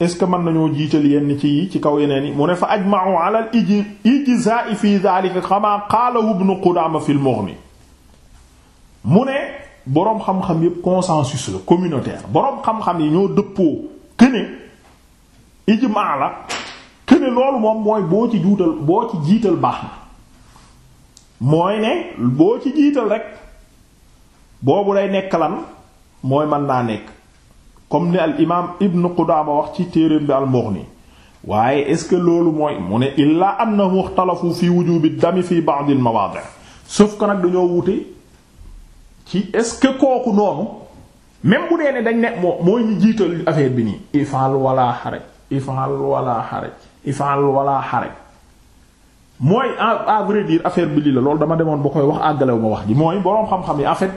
est-ce que mën nañoo jiital yenn ci yi ci kaw yeneen yi mu ne fa ajma'u ala al ijzaa'i fi dhalika kama qaalahu ibn Qudaama fil Mughni mu ne boroom xam-xam yépp consensus la communautaire boroom xam-xam yi ñoo dëppoo këne ijmaa la këne loolu moom mooy boo ci juutal boo ci jiital baax na mooy ne boo ci jiital rek boobu day nekk lan mooy mën naa nekk comme ni al imaam ibn Qudaama wax ci téereem bi al Mughni waaye est-ce que loolu mooy mu ne illaa annahum ikhtalafu fi wujubi dami fi ba'd al mawaadi' sauf que nag dañoo wute ci est-ce que kooku noonu même bu dee ne dañ ne moo mooy ñu jiital affaire bi nii ifal wala xaraj ifal wala xaraj ifal wala xaraj mooy à vrai dire affaire bi lii loolu dama demoon ba koy wax àggalewu ma wax ji mooy boroom xam-xam yi en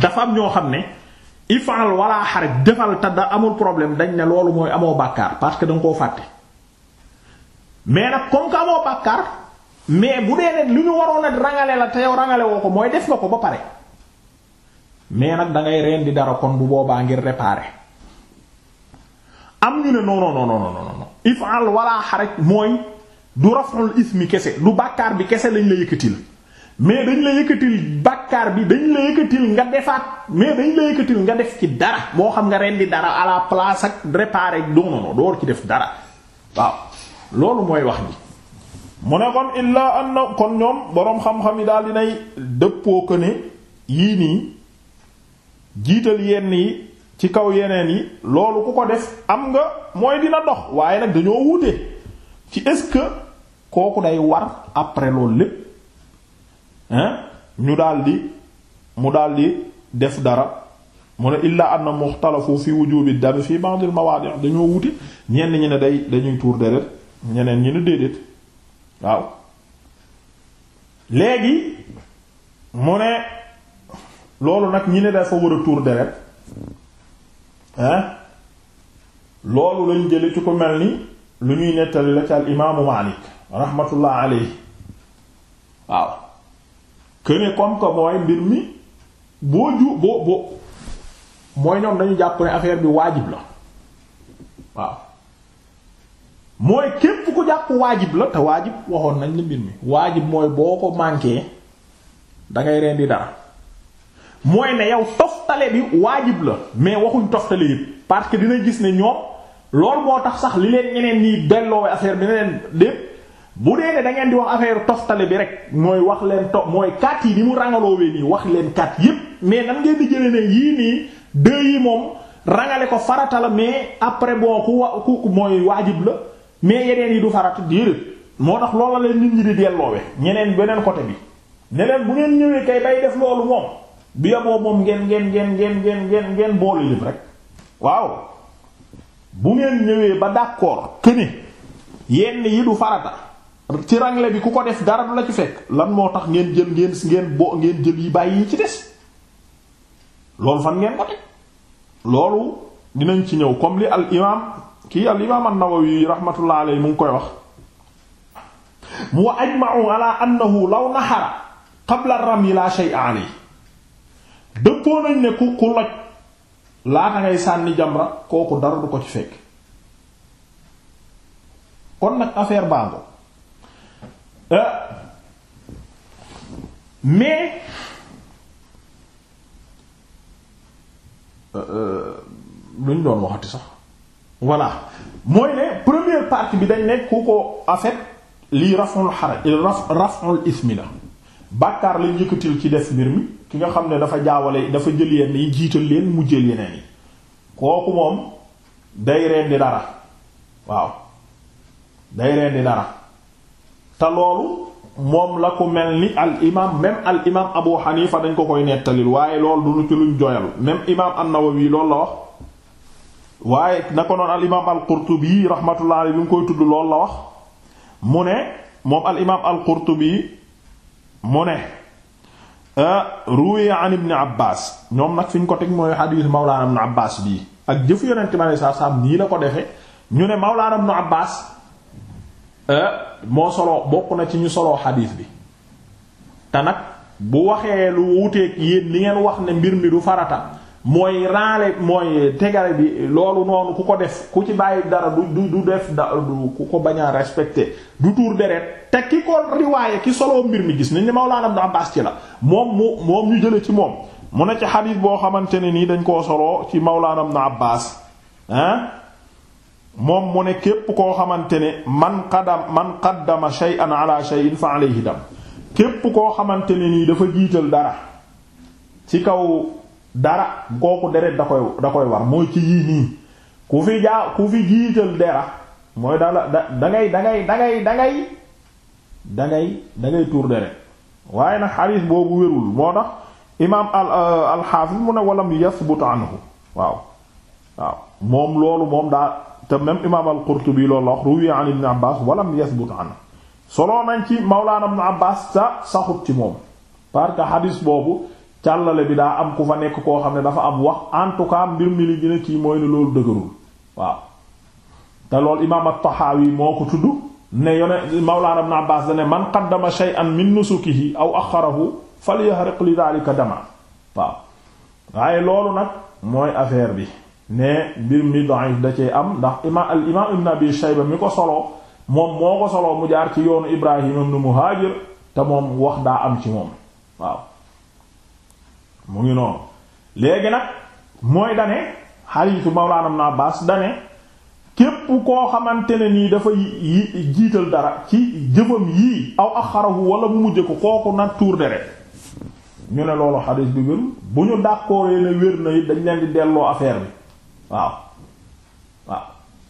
dafa am ñoo xam ne ifal wala xaraj defal te da amul problème dañ ne loolu mooy amoo bàkkaar parce que da koo fàtte mais nag comme que amoo bàkkaar mais bu dee ne lu ñu waroon a rangale la te yow rangale woo ko mooy def nga ko ba pare mais nag dangay rendi dara kon bu boobaa ngir réparer am ñu ne non non non non non ifal xaraj mooy du raf'ul ismi kese du bàkkaar bi kese lañ la yëkkatil mais dañ la yëkkatil bàkkaar bi dañ la yëkkatil nga defaat mais dañ la yëkkatil nga def ci dara moo xam nga rendi dara à la place ak réparer non door ci def dara waaw loolu mooy wax ji mu ne kon illaa anna kon ñoom boroom xam-xam yi daal dinay dëppoo ko ne yii nii jiital yenn yi ci kaw yeneen yi loolu ku ko def am nga mooy dina dox waaye nag dañoo wuute ci est-ce kooku day war après loolu lépp hein ñu daldi mu daldi def dara mu ne illaa anna muxtalafu fi wujubi dami fi ba'd al mawadi' dañoo wuute ñenn ñi ne day dañuy tuur deret ñeneen ñi déedéet waaw léegi mu ne loolu nag ñi ne dafa war a tuur deret hein loolu lañ jële ci ko mel ni lu ñuy nettali la ci al imaamu Maalik rahmatullah alayhi waaw këne comme que mooy mbir mi boo ju boo boo mooy ñoom dañu jàpp ne affaire bi waajib la waaw mooy képp ku jàpp waajib la te waajib waxoon nañ la mbir mi waajib mooy boo ko manqué dangay rendi dara mooy ne yow toftale bi waajib la mais waxuñ toftale yëpp parce que dina gis ne ñoom loolu moo tax sax li leen ñeneen ñiy delloo affaire bi ne leen lépp bu dee da ngeen di wax affaire toftale bi rek mooy wax leen to mooy kat yi ni mu rangaloowee nii wax leen kat yëpp mais nan ngeen di jëlee ne nii deux yi moom rangale ko farata la mais après boo ku wa ku mooy waajib la mais yeneen yi du farata déedéet moo tax loola leen nit ñi di delloowe ñeneen beneen côté bi ne bu ngeen ñëwee kay bay def loolu moom. bi yaboo moom ngeen ngeen ngeen ngeen ngeen ngeen ngeen boole lépp rek waaw bu ngeen ñëwee ba d'accord këne yenn yi du farata ci rangle bi ku ko def dara du la ci fekk lan moo tax ngeen jël ngeen ngeen bo ngeen jël yi bàyyi yi ci des loolu fan ngeen ko teg loolu dinañ ci ñëw comme li al imaam kii al imaam an-Nawawi rahmatullah alayhi mu ngi koy wax mu wa ajma'u ala annahu law nahara qabla ar-ramy la shay'a alayhi dëppoo nañ ne ku ku loj laata ngay sànni jamra kooku dara du ko ci fekk kon nag affaire bango euh, mais euh, euh, lu doon waxati sax voilà mooy ne première partie bi dañ nekk ku ko en fait lii raf'ul haraj raf'ul ismi la bàkkaar lañ yëkkatil ci def mbir mi ki nga xam ne dafa jaawale dafa jël yenn yi jiital leen mu jël yeneen yi kooku moom day rendi dara waaw day rendi dara te loolu moom la ko mel ni al imaam même al imaam Abu Hanifa dañ ko koy nettalil waaye loolu du lu ci luñ joyal même imaam an-Nawawi loolu la wax waaye na ko noon al imaam al-Qurtubi rahmatullah alayhi bi mu koy tudd loolu la wax mu ne moom al imaam al-Qurtubi mu ne. Ah, ruwiya an ibn abbas ñoom nag fi ñu ko teg mooy xadiis mawlaana ibn abbas bii ak jëfu yonent bi alei satu salaam nii la ko defe ñu ne mawlaana ibn abbas ah, moo solo bokk na ci ñu solo xadiis bi te nag bu waxee lu wuteeg yéen li ngeen wax ne mbir mi du farata mooy ranle mooy tegale bi loolu noonu ku ko def ku ci bàyyi dara du du def da du ko bañ a respecté du tuur deret te ki ko riwaaye ki soloo mbir mi gis ni ni Mawlaana na Abbaas ci la moom mu moom ñu jële ci moom mu ne ci xadiis boo xamante ne nii dañ koo soloo ci Mawlaana Ibn Abbaas ah moom mu ne képp koo xamante ne man qadam man qaddama shay'an ala shay'in fa alayhi dam képp koo xamante ne nii dafa jiital dara ci kaw dara kooku deret da koy da koy war mooy ci yii nii ku fi jaa ku fi jiital dara mooy dala da dangay dangay dangay dangay dangay tuur deret waaye nag xadiis boobu wérul moo tax imaam al euh, alxaafis mu ne walam yasbut anhu waaw waaw moom loolu moom daa te même imaam al loolu la wax ruwi an ibn Abbas walam yasbut anhu soloo nañ ci mawlaana ibn Abbas sa saxut ci moom parce xadiis boobu càllale bi daa am ku fa nekk koo xam ne dafa am wax en tout cas mbir mi li gën a kii mooy ne loolu dëgërul waaw te loolu imaam at moo ko tudd ne yone Mawlaana Ibn Abbaas dane man qaddama shay'an min nusukihi aw axarahu falyahriq li daalika loolu nag mooy affaire bi ne mbir mi da'if da cee am ndax imaam al imaam Ibn Abi Shayba mi ko soloo moom moo ko soloo mu jaar ci yoonu Ibrahim ibn Muhaajir te moom wax daa am ci moom waaw mu ngi noonu léegi nag mooy dane xaritu Mawlaana Ibn Abbaas dane képp koo xamante ne nii dafa jiital dara ci jëfam yii aw axarahu wala mu mujj ko kooku nag tuur deret ñu ne loolu xadis bi bu ñu d'accord ne wér na it dañ leen di delloo affaire bi waaw waaw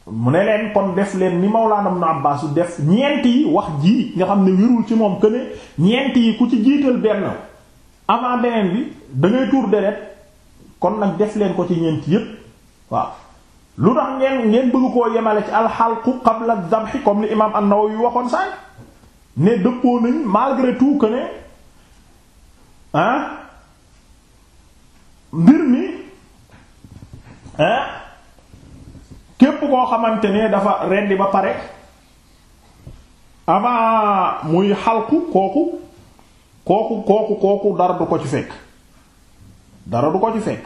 mu ne leen kon def leen ni Mawlaana Ibn Abbaas def ñeenti yi wax ji nga xam ne wérul ci moom que ne yi ku ci jiital benn avant beneen bi da tuur deret kon nag def leen ko ci ñeent yépp waaw lu tax ngeen ngeen bëgg koo yemale ci alxalqu qabla dhabhi comme li imaam an-Nawawi waxoon sànq ne dëppoo nañ malgré tout que ah mbir mi ah képp koo xamante ne dafa rendi ba pare avant muy xalqu kooku. kooku kooku kooku dara du ko ci fekk dara du ko ci fekk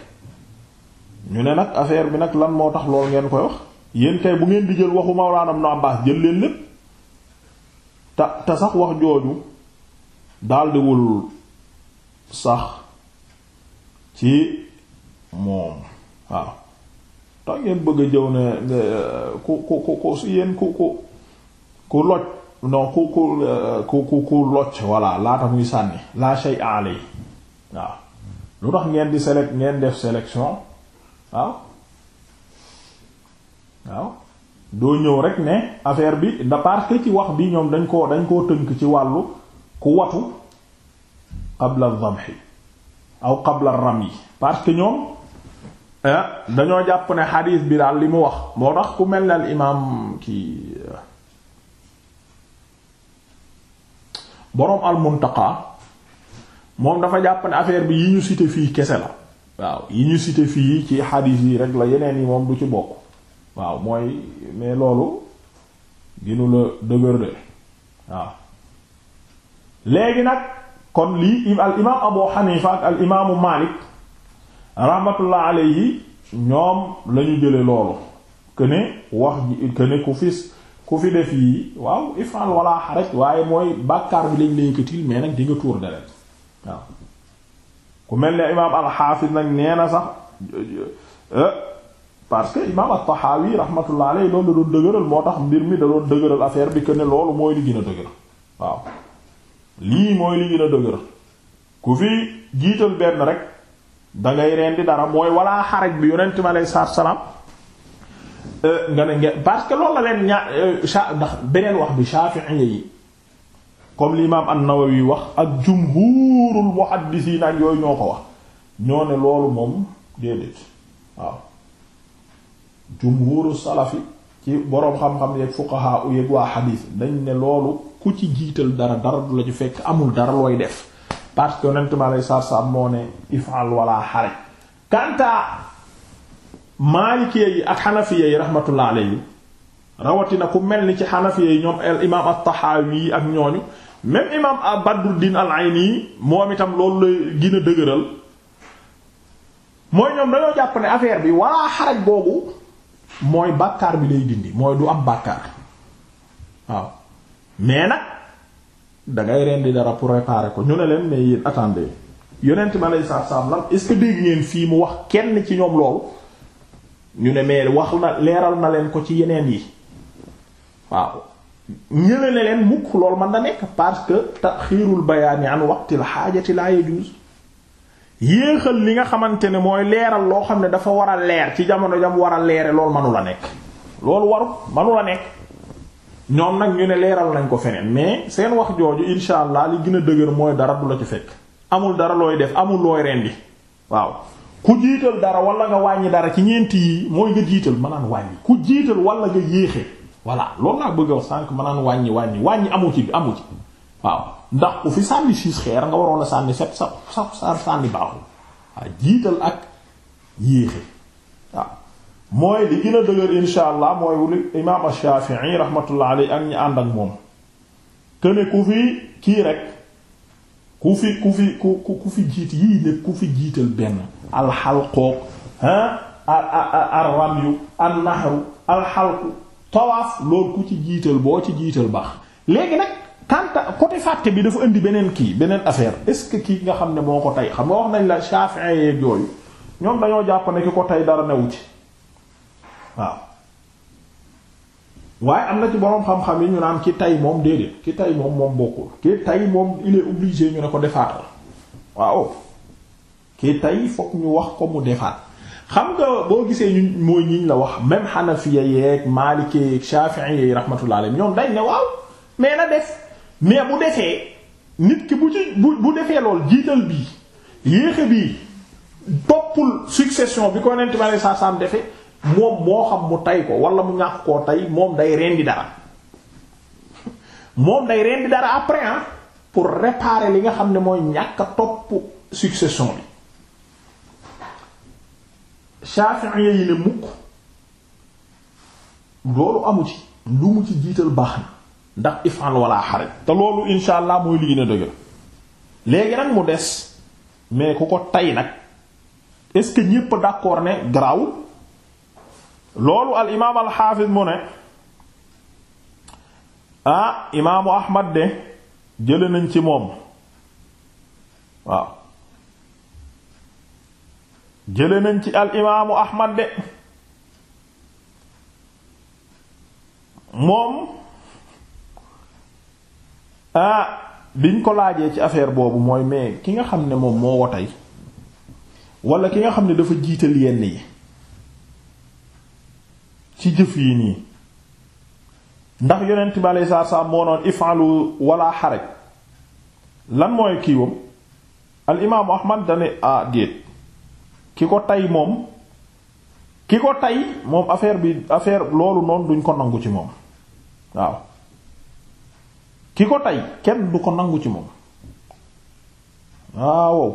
ñu ne nag affaire bi nag lan moo tax lool ngeen koy wax yéen kay bu ngeen di jël waxu Mawlaana Ibn Abbaas jël leen lépp te te sax wax jooju daldiwul sax ci moom waaw tax ngeen bëgg a jëw ne ku ku ku ku yéen ku ku ku loj non ku ku ku ku locc voilà laata muy sànni la shay alay waaw lu tax ngeen di select ngeen def sélection waaw waaw doo ñëw rek ne affaire bi da parce ci wax bi ñoom dañ koo dañ koo tënk ci wàllu ku watu qabla dhabhi aw qabla rami parce que ñoom eh, dañoo jàpp ne xadiis bi daal li mu wax moo tax ku mel ne al imaam kii boroom al-Muntaqa moom dafa jàpp ne affaire bi yi ñu cité fii kese la waaw yi ñu cité fii ci xadiis yi rek la yeneen yi moom du ci bokk waaw mooy mais loolu ginu la dëgër de waaw léegi nag kon lii al imaam Abu Xanifa ak al imaamu Maalik rahmatullah alayhi ñoom la ñu jële loolu que ne wax ji ku fis ku fi def yii waaw ifal wala xaraj waaye mooy bàkkaar bi lañ la yëkkatil mais nag di tuur deret waaw ku mel ne imaam alxaafis nag nee na sax eh, eh, parce que imaam at-Tahawi rahmatullah alayhi da doon dëgëral moo tax mbir mi da doon dëgëral affaire bi que ne loolu mooy li dëgër waaw lii mooy li dëgër ku fi jiital benn rek da ngay rendi dara mooy wala xaraj bi yonent mi alayhi salaam Euh, nga ne nga parce que loolu la leen ña euh, ndax beneen wax bi Shafi'i yi comme l'imam an-Nawawi wax ak jumhurul muhaddisiin ak yooyu ñoo ko wax ñoo ne loolu moom déedéet waaw jumhuru salafi ci boroom xam-xam yeeg fuqaha u waa xadiis dañ ne loolu ku ci jiital dara dara du la ci fekk amul dara looy def parce que yonent ma lay sarsam moo ne ifal wala xare kanta maalikee yi ak xanafiya yi rahmatullah alayhi rawatina ku mel ni ci xanafiya yi ñoom al imaam at yi ak ñooñu même imaam Badruddin al-Ayni moom itam loolu la gën a dëgëral mooy ñoom dañoo jàpp ne affaire bi walla xaraj boobu mooy bàkkaar bi lay dindi mooy du am bàkkaar waaw mais nag dangay di dara pour réparer ko ñu ne leen mais yéen attendez yonent ma lay saab saab lan est dégg ngeen fii mu wax kenn ci ñoom loolu ñu ne mais wax na leeral na leen ko ci yeneen yi waaw ñële ne leen mukk lool man da nekk parce que taxiirul bayaani an waqtil xaajati la yajuz yéexal li nga xamante ne mooy leeral loo xam ne dafa war a leer ci jamono jam war a leere loolu manu la nekk loolu waru manu la nekk ñoom nag ñu ne leeral nañ ko feneen mais seen wax jooju insha allah li gën a dëgër mooy dara du la ci fekk amul dara looy def amul looy rendi waaw ku jiital dara wala nga wàññi dara ci ñeenti yii mooy nga jiital mënaan wàññi ku jiital walla nga yéexee voilà loolu laa bëgg a wax sànq mënaan wàññi wàññi wàññi amu ci amu ci waaw ndax ku fi sànni siis xeer nga waroon a sànni set sa sa sa sànni baaxul waaw jiital ak yéexe waaw mooy li gën a dëgër insha allah mooy wuli imaam Shaafi'i rahmatullah ak ñi ànd ak moom te ku fi kii rek ku fi ku fi ku ku fi jiit yii ne ku fi jiital benn alxalqoog ah arramyu an nahru alxalqu tawaaf loolu ku ci jiital boo ci jiital baax léegi nag kanta côté fàtte bi dafa indi beneen kii beneen affaire est-ce que kii nga xam ne moo ko tay xam nga wax nañ la Shafi'i yeeg yooyu ñoom dañoo jàpp ne ki ko tey dara newu ci waaw waaye am na ci boroom xam-xam yi ñu naan ki tey moom déedéet ki tey moom moom bokkul ki tey moom il est ñu ne ko defaatal waaw ki tey fokk ñu wax ko mu defaat xam nga boo gisee ñu mooy ñiñ la wax même xanafiya yeeg maalikee yeeg shafi'i yeeg rahmatullah alayhi ñoom dañ ne waaw mais na def mais bu defee nit ki bu ci bu defee lool jiital bii yéexe bii toppul succession bi ko nent bale saa defe moom moo xam mu tay ko wala mu ñàkk koo moom day rendi dara moom day rendi dara après ah pour réparer li nga xam ne mooy ñàkk a topp succession bi Shafi'i yi ne mukk loolu amu ci lu mu ci jiital baax na ndax ifan wala xarit te loolu insha mooy li gën a léegi nag mu des mais ku ko tay nag est-ce que ñépp d'accord ne garaawul loolu al imaam al xaafis mu ne ah imaamu ahmad de jële nañ ci moom waaw jële nañ ci al imaamu ahmad de moom ah biñ ko laajee ci affaire boobu mooy mais ki nga xam ne moom moo wotey wala ki nga xam ne dafa jiital yenn yi ci jëf yi nii ndax yonent bi aleyhi salaatu moo noon ifaalu wala xaraj lan mooy kiiwam al imaamu ahmad dane ah ki ko tay moom ki ko tay moom affaire bi affaire loolu noonu duñ ko nangu ci moom waaw ki ko tay kenn du ko nangu ci moom waaw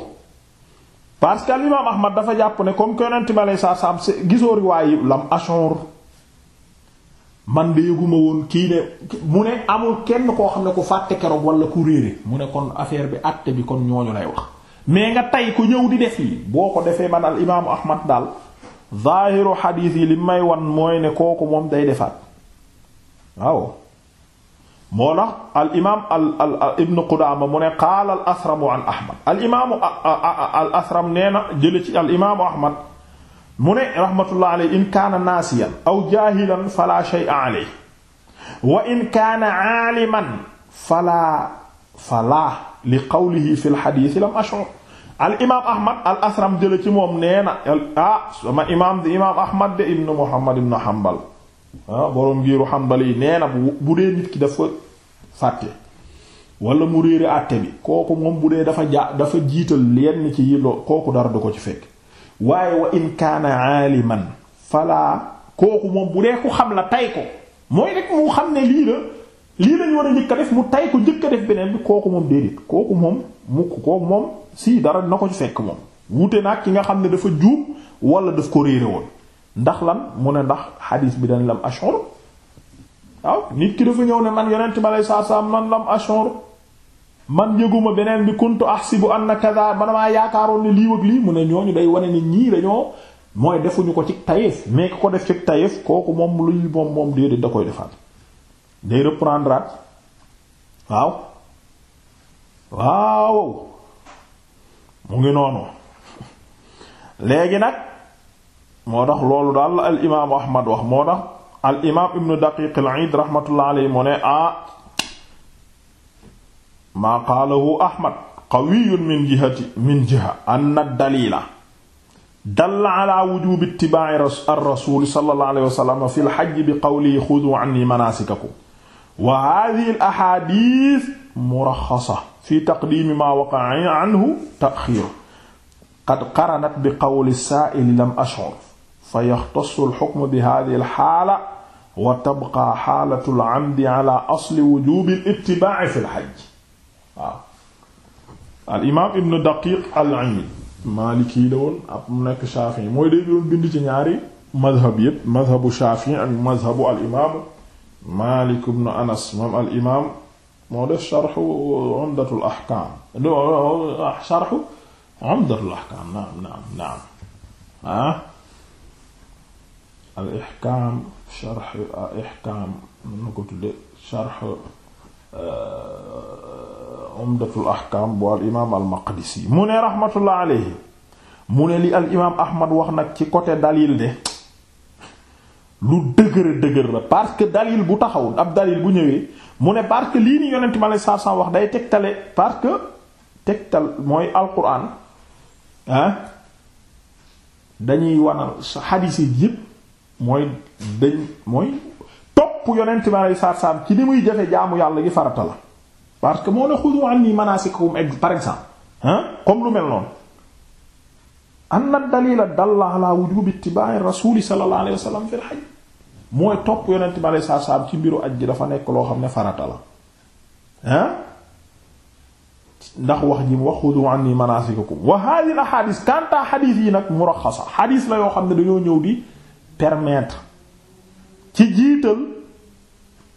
parce que imaam Ahmad dafa jàpp ne comme ma lay saa saam gisoo riwaay lam man de yëguma woon kii ne mu ne amul kenn koo xam ne ku fàtte keroog wala ku réere mu ne kon affaire bi àtte bi kon ñooñu lay wax mais nga tay ku ñëw di def boo ko defee man al ahmad daal zaahiru xadiis yi wan mooy ne kooku moom day defaat waaw moo tax al imaam al mu ne qaala al asramu Ahmad al na jële ci al Ahmad mu ne rahmatullah in kaana naasiyan aw jaahilan fala shay'a aleyhi wa in aaliman fala fala li qawlihi fi al hadiis lam al imaam ahmad al asram jële ci moom nee na ah sama imaam di imaam ahmad de ibnu muhammad ibnu hanbal ah ngiiru hanbal yi nee na bu dee nit ki dafa fàtte wala mu réere àtte bi kooku moom bu dee dafa ja dafa jiital yenn ci yiloo kooku dara du ko ci fekk waaye wa in kaana aaliman falaa kooku moom bu dee ku xam la tay ko mooy rek mu xam ne lii la lii lañ war a njëkk def mu tay ko njëkk def beneen bi kooku moom déedéet kooku moom mukk kooku moom si dara na ko ci fekk moom wuute nag ki nga xam ne dafa juum wala daf ko réere woon ndax lan mu ne ndax xadiis bi dañ lam ashur waaw nit ki dafa ñëw ne man yonent bi aley saatu salaam man lam ashur man yëguma beneen bi kuntu ahsibu anna kaza man maa yaakaaroon ne lii ak lii mu ne ñooñu day wane ni ñii dañoo mooy defuñu ko ci tayeef mais ko def ci kooku moom luy moom moom koy defaat day reprendre waaw waaw mu ngi noonu léegi nag moo tax loolu daal la al imaamu ahmad wax moo al imaam ibnu daqiq al iid rahmatullah alayhi mu ne a ah, maa qaalahu ahmad qawiyun min jihati min jiha anna dalila dalla ala wujubi ittiba'i ar rasul sallallahu alayhi wa fi al hajj bi qawlihi xudu anni manasikakum wa hadhihi al ahadith muraxasa fi taqdimi ma waqa'a anhu ta'khir qad qaranat bi qawli as-sa'il lam ash'ur fa yaxtassu al hukm bi hadhihi al hala wa tabqa xaalatu al-amdi ala asli wujubi al-ittibaa'i fi al-hajj waaw al-imaam ibn Daqiq al-Ayn Maliki la woon ab mu nekk Shaafi'i mooy day doon bind ci ñaari madhab yépp madhabu Shaafi'i ak madhabu al-imaam Maalik ibn Anas moom al imaam moo def sharxu Umdatul Ahkaam sharxu Umdatul Ahkaam naam naam naam ah al ihkaam sharxu al ah, ihkaam nu ko tudde sharxu eh, Umdatul Ahkaam bu al imaam al Maqdisi mu ne raxmatullah alayhi mu ne li al imaam Ahmad wax nag ci côté dalil de. lu dëgëra dëgër la parce que dalil bu taxaw ab dalil bu ñëwee mu ne parce que lii ni yonent ma lay saa saa wax day tegtale parce que tegtal mooy alquran ah dañuy wanal sa xadiis yi yépp mooy dañ mooy topp yonent ma lay saa ci li muy jafe jaamu yàlla gi farata la parce que moo ne xudu anni manasikakum par exemple ah comme lu mel noonu. anna dalila dalla ala wujubi ittiba'i rasuli sallallahu alayhi wasallam fil hajj mooy topp yonent bi aleyhi salaatu ci mbiru aj ji dafa nekk loo xam ne farata la ah ndax wax ji wax xudu anni manasikakum wa hadhihi ahadith kanta hadith yi nag muraxasa hadith la yoo xam ne dañoo ñëw di permettre ci jiital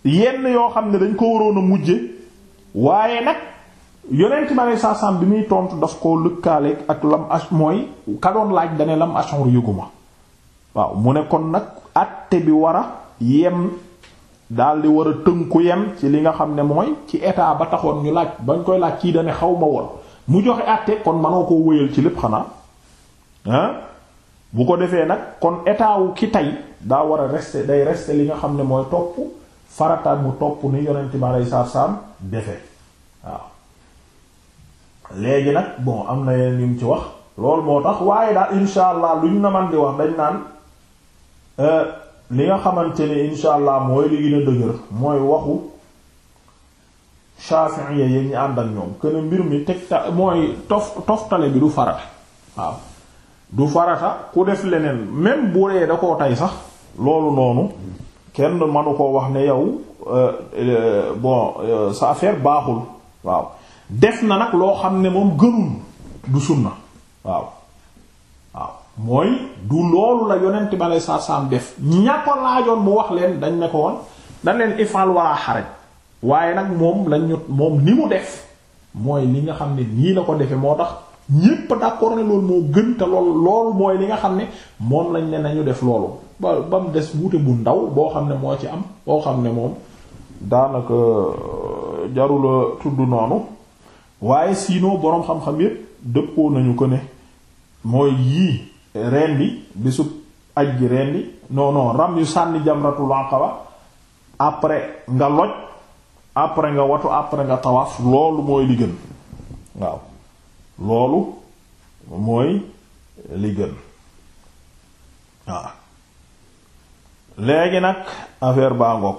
yenn yoo xam ne dañ ko waroon a mujje waaye nag yonent bi aleyhi bi muy tontu daf koo lëkkaaleeg ak lam ash mooy ka laaj dane lam ashur yëguma waaw mu ne kon nag àtte bi war a yem di war a tënku yem ci li nga xam ne mooy ci état ba taxoon ñu laaj bañ koy laaj kii dane xaw ma woon mu joxe àtte kon manoo koo wëyal ci lépp xanaa ah bu ko defee nag kon état wu ki tey daa war a rester day rester li nga xam ne mooy topp farata mu topp ni yonent ma lay saar-saam defe waaw léegi nag bon am na yu mu ci wax loolu moo tax waaye daal man di wax dañ naan euh, li nga xamante ne insha allah mooy li gën a mooy waxu Shafi'iyya yi ñu ànd ak ñoom kën mbir mi teg ta mooy tof toftale bi du farata waaw du farata ku def leneen même bu dee da koo tey sax loolu noonu kenn manu ko wax ne yow euh, euh, bon euh, sa affaire baaxul waaw def na nag loo xam ne moom gënul du sunna waaw mooy du loolu la yonent ma lay saa def ña ko laajoon mu wax leen dañ ne ko woon dañ leen ifal wala xaraj waaye nag moom lañ moom ni mu def mooy li nga xam ne nii la ko defee moo tax ñépp d'accord ne loolu moo gën te mooy li nga xam ne moom lañ ne nañu def loolu ba ba mu des wuute bu ndaw boo xam ne moo ci am boo xam ne moom daanaka euh, jarula tudd noonu waaye sinon boroom xam-xam yépp dëppoo nañu ko ne mooy yii rendi bisub aj gi rendi non ram yu sànni jamratul aqaba après nga loj après nga watu après nga tawaaf loolu mooy li gën waaw loolu mooy li gën waaw léegi nag affaire baa ngoog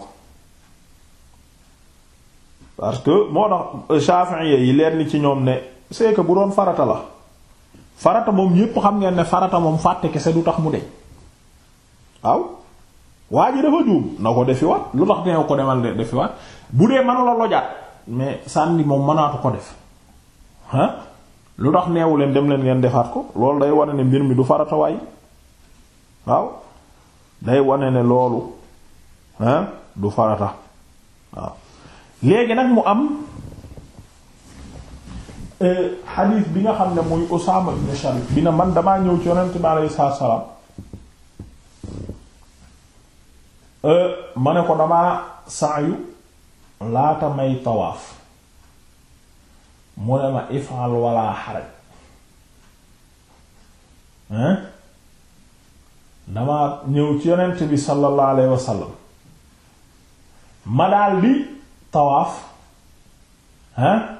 parce que moo tax Shafi'i yi leen ci ñoom ne c'est bu doon farata la farata moom ñépp xam ngeen ne farata moom fàtte kese du tax mu deñ waaw waa ji dafa juum na ko defi waat lu tax neew ko demal defi waat bu dee mënu la lojaat mais sànni moom mënaatu ko def ah lu tax neewu leen dem leen ngeen defaat ko loolu day wane ne mbir mi du farata waay waaw day wane ne loolu ah du farata waaw léegi nag mu am xadiis euh, bi nga xam ne muy Usaama ibn Sharif bi na man damaa ñëw ci yonent bi alayhi salaatu wa euh, ma ne ko damaa saayu laata may tawaaf mu ne ma ifal wala xaraj hein dama ñëw ci yonent bi sallallahu alayhi wa ma daal di tawaaf hein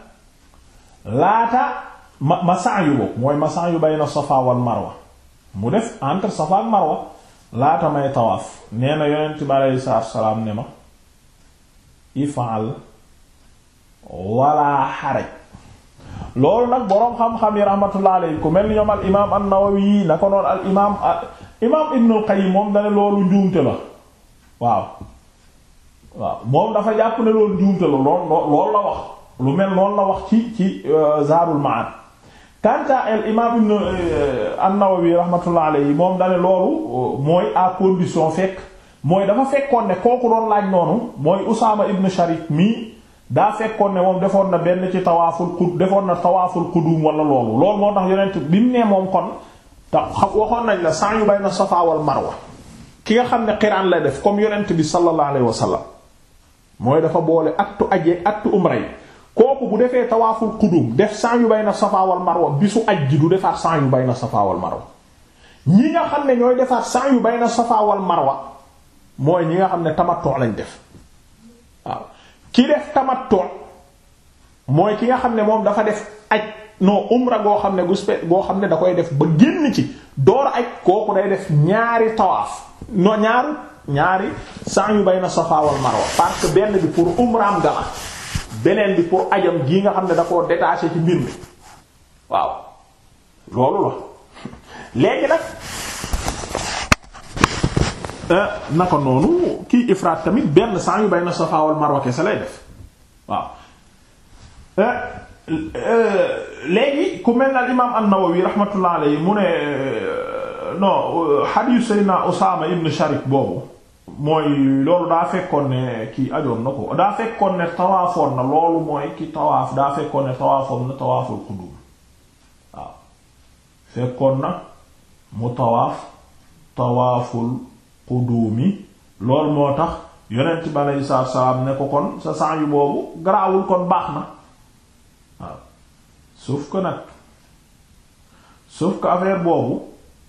laata ma masan yu boobu mooy masan yu bayna safa wal marwa mu def entre safa marwa laata may tawaaf nee na yonent bi salaam ne ma ifaal wala xaraj loolu nag boroom xam-xam yi rahmatullah alayhi ku mel ni ñoom al imaam an-Nawawi na noon al imaam imaam Ibnul la waaw waaw moom dafa jàpp ne loolu njuumte la lool loolu la wax lu mel noonu la wax ci ci euh, Zaadul Ma'aad kanta al imaam ibn euh, an-Nawawi rahmatullah alayhi moom dane loolu euh, mooy à condition fekk mooy dafa fekkoon ne kooku doon laaj noonu mooy Usaama ibn Sharik daa fekkoon ne moom defoon na benn ci tawaaful defoon na tawaaful qudum wala loolu loolu moo tax bi mu ne moom kon ta waxoon nañ la sa'yu bayna Safa Marwa ki nga xam ne xiraan la def comme yonent bi sallallahu alayhi wa mooy dafa boole aktu aje aktu umra yi kooku bu defee tawaaful qudum def san yu bay na wal marwa bisu aj ji du defaat san yu bay na wal marwa ñi nga xam ne ñooy defaat sa'i yu bay na safaawal marwa mooy ñi nga xam ne tamattu lañ def waaw ki def tamattu mooy ki nga xam ne moom dafa def aj non umra goo xam ne gu xam ne da koy def ba génn ci door aj kooku day def ñaari tawaaf no ñaaru ñaari sa'i yu bayna safa wal marwa parce que benn bi pour umraam gala beneen bi pour ajam gii nga xam ne da koo détaché ci mbir mi loolu la léegi nag euh, naka noonu kii ifraat tamit benn saa yu bayna Safa wal Marwa kese lay def euh, euh, ku mel na imaam an-Nawawi rahmatullah alayhi mu ne non xadiis Seydina Usaama ibn Sharik boobu mooy loolu daa fekkoon ne kii ajoon na ko daa fekkoon ne tawaafoon na loolu mooy ki tawaaf daa fekkoon ne tawaafoon na tawaaful xudum waaw fekkoon na mu tawaaf tawaaful xudumi loolu moo tax yonent bi aleyhi salaatu salaam ne ko kon sa sang yu boobu garaawul kon baax na waaw sauf que nag sauf que affaire boobu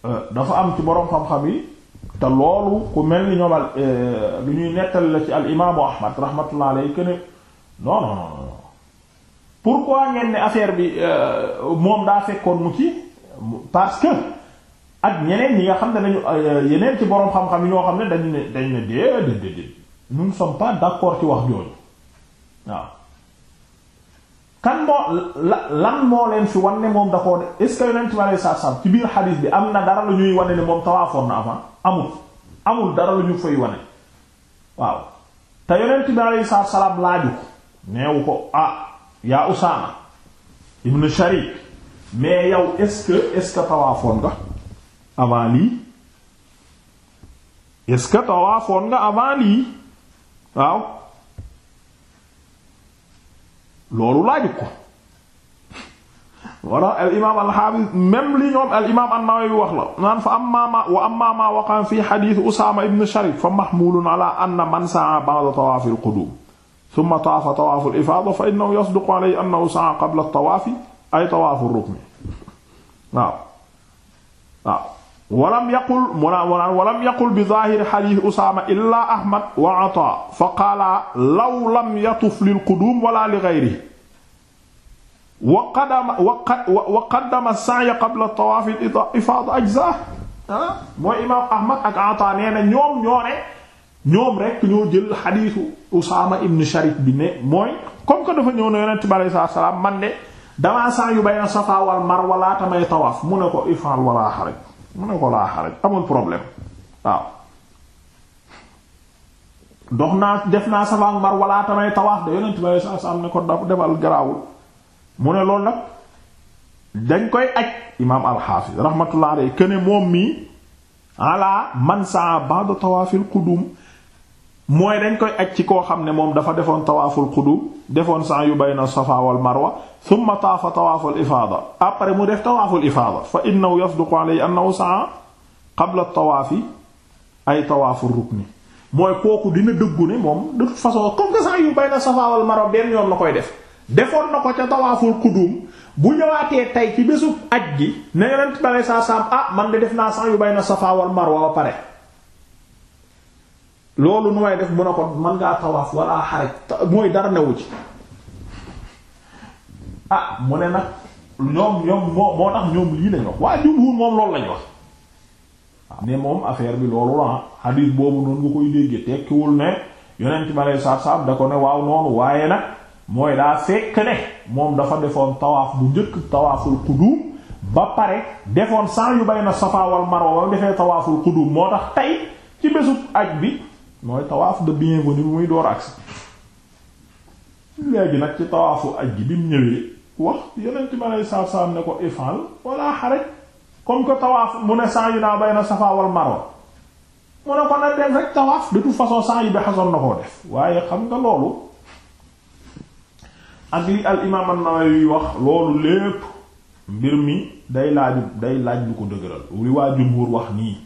euh, dafa am ci boroom xam-xam yi te loolu ku mel ni ñoom al euh, lu ñuy nettal la ci al imaamu ahmad rahmatullah alayhi que ne non non non pourquoi ngeen ne affaire bi euh, moom daa fekkoon mu ci parce que ak ñeneen ñi nga xam ne dañu euh, yeneen ci boroom xam-xam yi ñoo xam ne dañu ne dañu ne déedéet déedéet nous ne pas d'accord ci wax jooju waaw kan moo lan moo leen fi wan ne moom da de est-ce que yonent bi salaam ci xadiis bi am na dara lu ñuy wane ne moom tawaafoon na avant amul dara lu ñu wane waaw te yonent bi aleyhi salaam laaju neewu ko ah yaa Usaama ibn Sharik mais yow est-ce tawaafoon nga avant lii est tawaafoon nga avant lii waaw loolu laaju ko wala al imaam al xaafis même li ñoom al imaam an-Nawawi wax la naan fa amma ma wa amma ma waqa fi xadiis Usaama ibn Sharif fa mahmulun ala anna man sa'a ba'da tawaaf al-quduum thumma taafa tawaaf al-ifaada fa innahu yasduqu alayhi annahu sa'a qabla at-tawaafi ay tawaaf ar-rukn waaw waaw walam yaqul mu naan mu naan walam yaqul bi zaahiri xadiis Usaama illaa Ahmad wa Ataa fa qaala law lam yatuf lil quduum wala li gayrihi wa qaddama wa qaddama as-sa'ya qabla tawaaf al-ifaada ajzaa mooy imaam Ahmad ak Ataa nee na ñoom ñoo ne ñoom rek ñoo jël xadiisu Usaama ibn Sharik bi ne mooy comme que dafa ñëw ne Yonent bi alayhi salaatu salaam man de damaa sa'yu bayna Safaa wal Marwa laata may tawaaf mu ne ko if'al wala haraj mu ne ko laa xaraj amul problème waaw dox naa def naa Safa ak Marwa tamay tawaaf de yonent ba saa saa am ne ko defal garaawul mu ne loolu nag dañ koy aj imaam alxaafiz rahmatullah alayhi këne moom mii alaa man saa ba'da tawaafil qudum mooy dañ koy aj ci koo xam ne moom dafa defoon tawaaful qudum defoon sa'i bayna safa wal marwa thumma taafa tawaaful ifaada après mu def tawaaful ifaada fa innahu yasduqu alayhi annahu sa'a qabla tawaafi ay tawaaful rukni mooy kooku dina dëggu ne moom de toute façon comme que sa'i bayna safa wal marwa benn yoon la koy def defoon na ko ca tawaaful qudum bu ñëwaatee tey ci bésu aj gi ne yonent bi sallallahu alayhi ah man de def naa sa'i bayna safa wal marwa ba pare loolu nu may def mën a ko mën ngaa tawaaf wala xaraj mooy dara newu ci ah mu ne nag ñoom ñoom moo moo tax ñoom lii lañ waa jumhur moom loolu lañ wax ne moom affaire bi loolu la xadiis boobu noonu nga koy déggee tekkiwul ne yonent bi aleyhi salaatu salaam da ko ne waaw noonu waaye nag mooy daa fekk ne moom dafa defoon tawaaf bu njëkk tawaaful qudum ba pare defoon saa yu bay na safa wal marwa ba defee tawaaful qudum moo tax tey ci bésu aj bi mooy tawaaf de bienvenue bu muy door agsi léegi nag ci tawaafu aj gi bi mu ñëwee wax yonent mi aleyhi salaatu salaam ne ko ifal wala xaraj comme que tawaaf mu ne sa'i naa bayna Safa wal Marwa mu ne ko na dem rek tawaaf de toute façon sa'i bi xasoon na koo def waaye xam nga loolu ak al imaam an-Nawawi wax loolu lépp mbir mi day laaju day laaj lu ko dëgëral li waa wax nii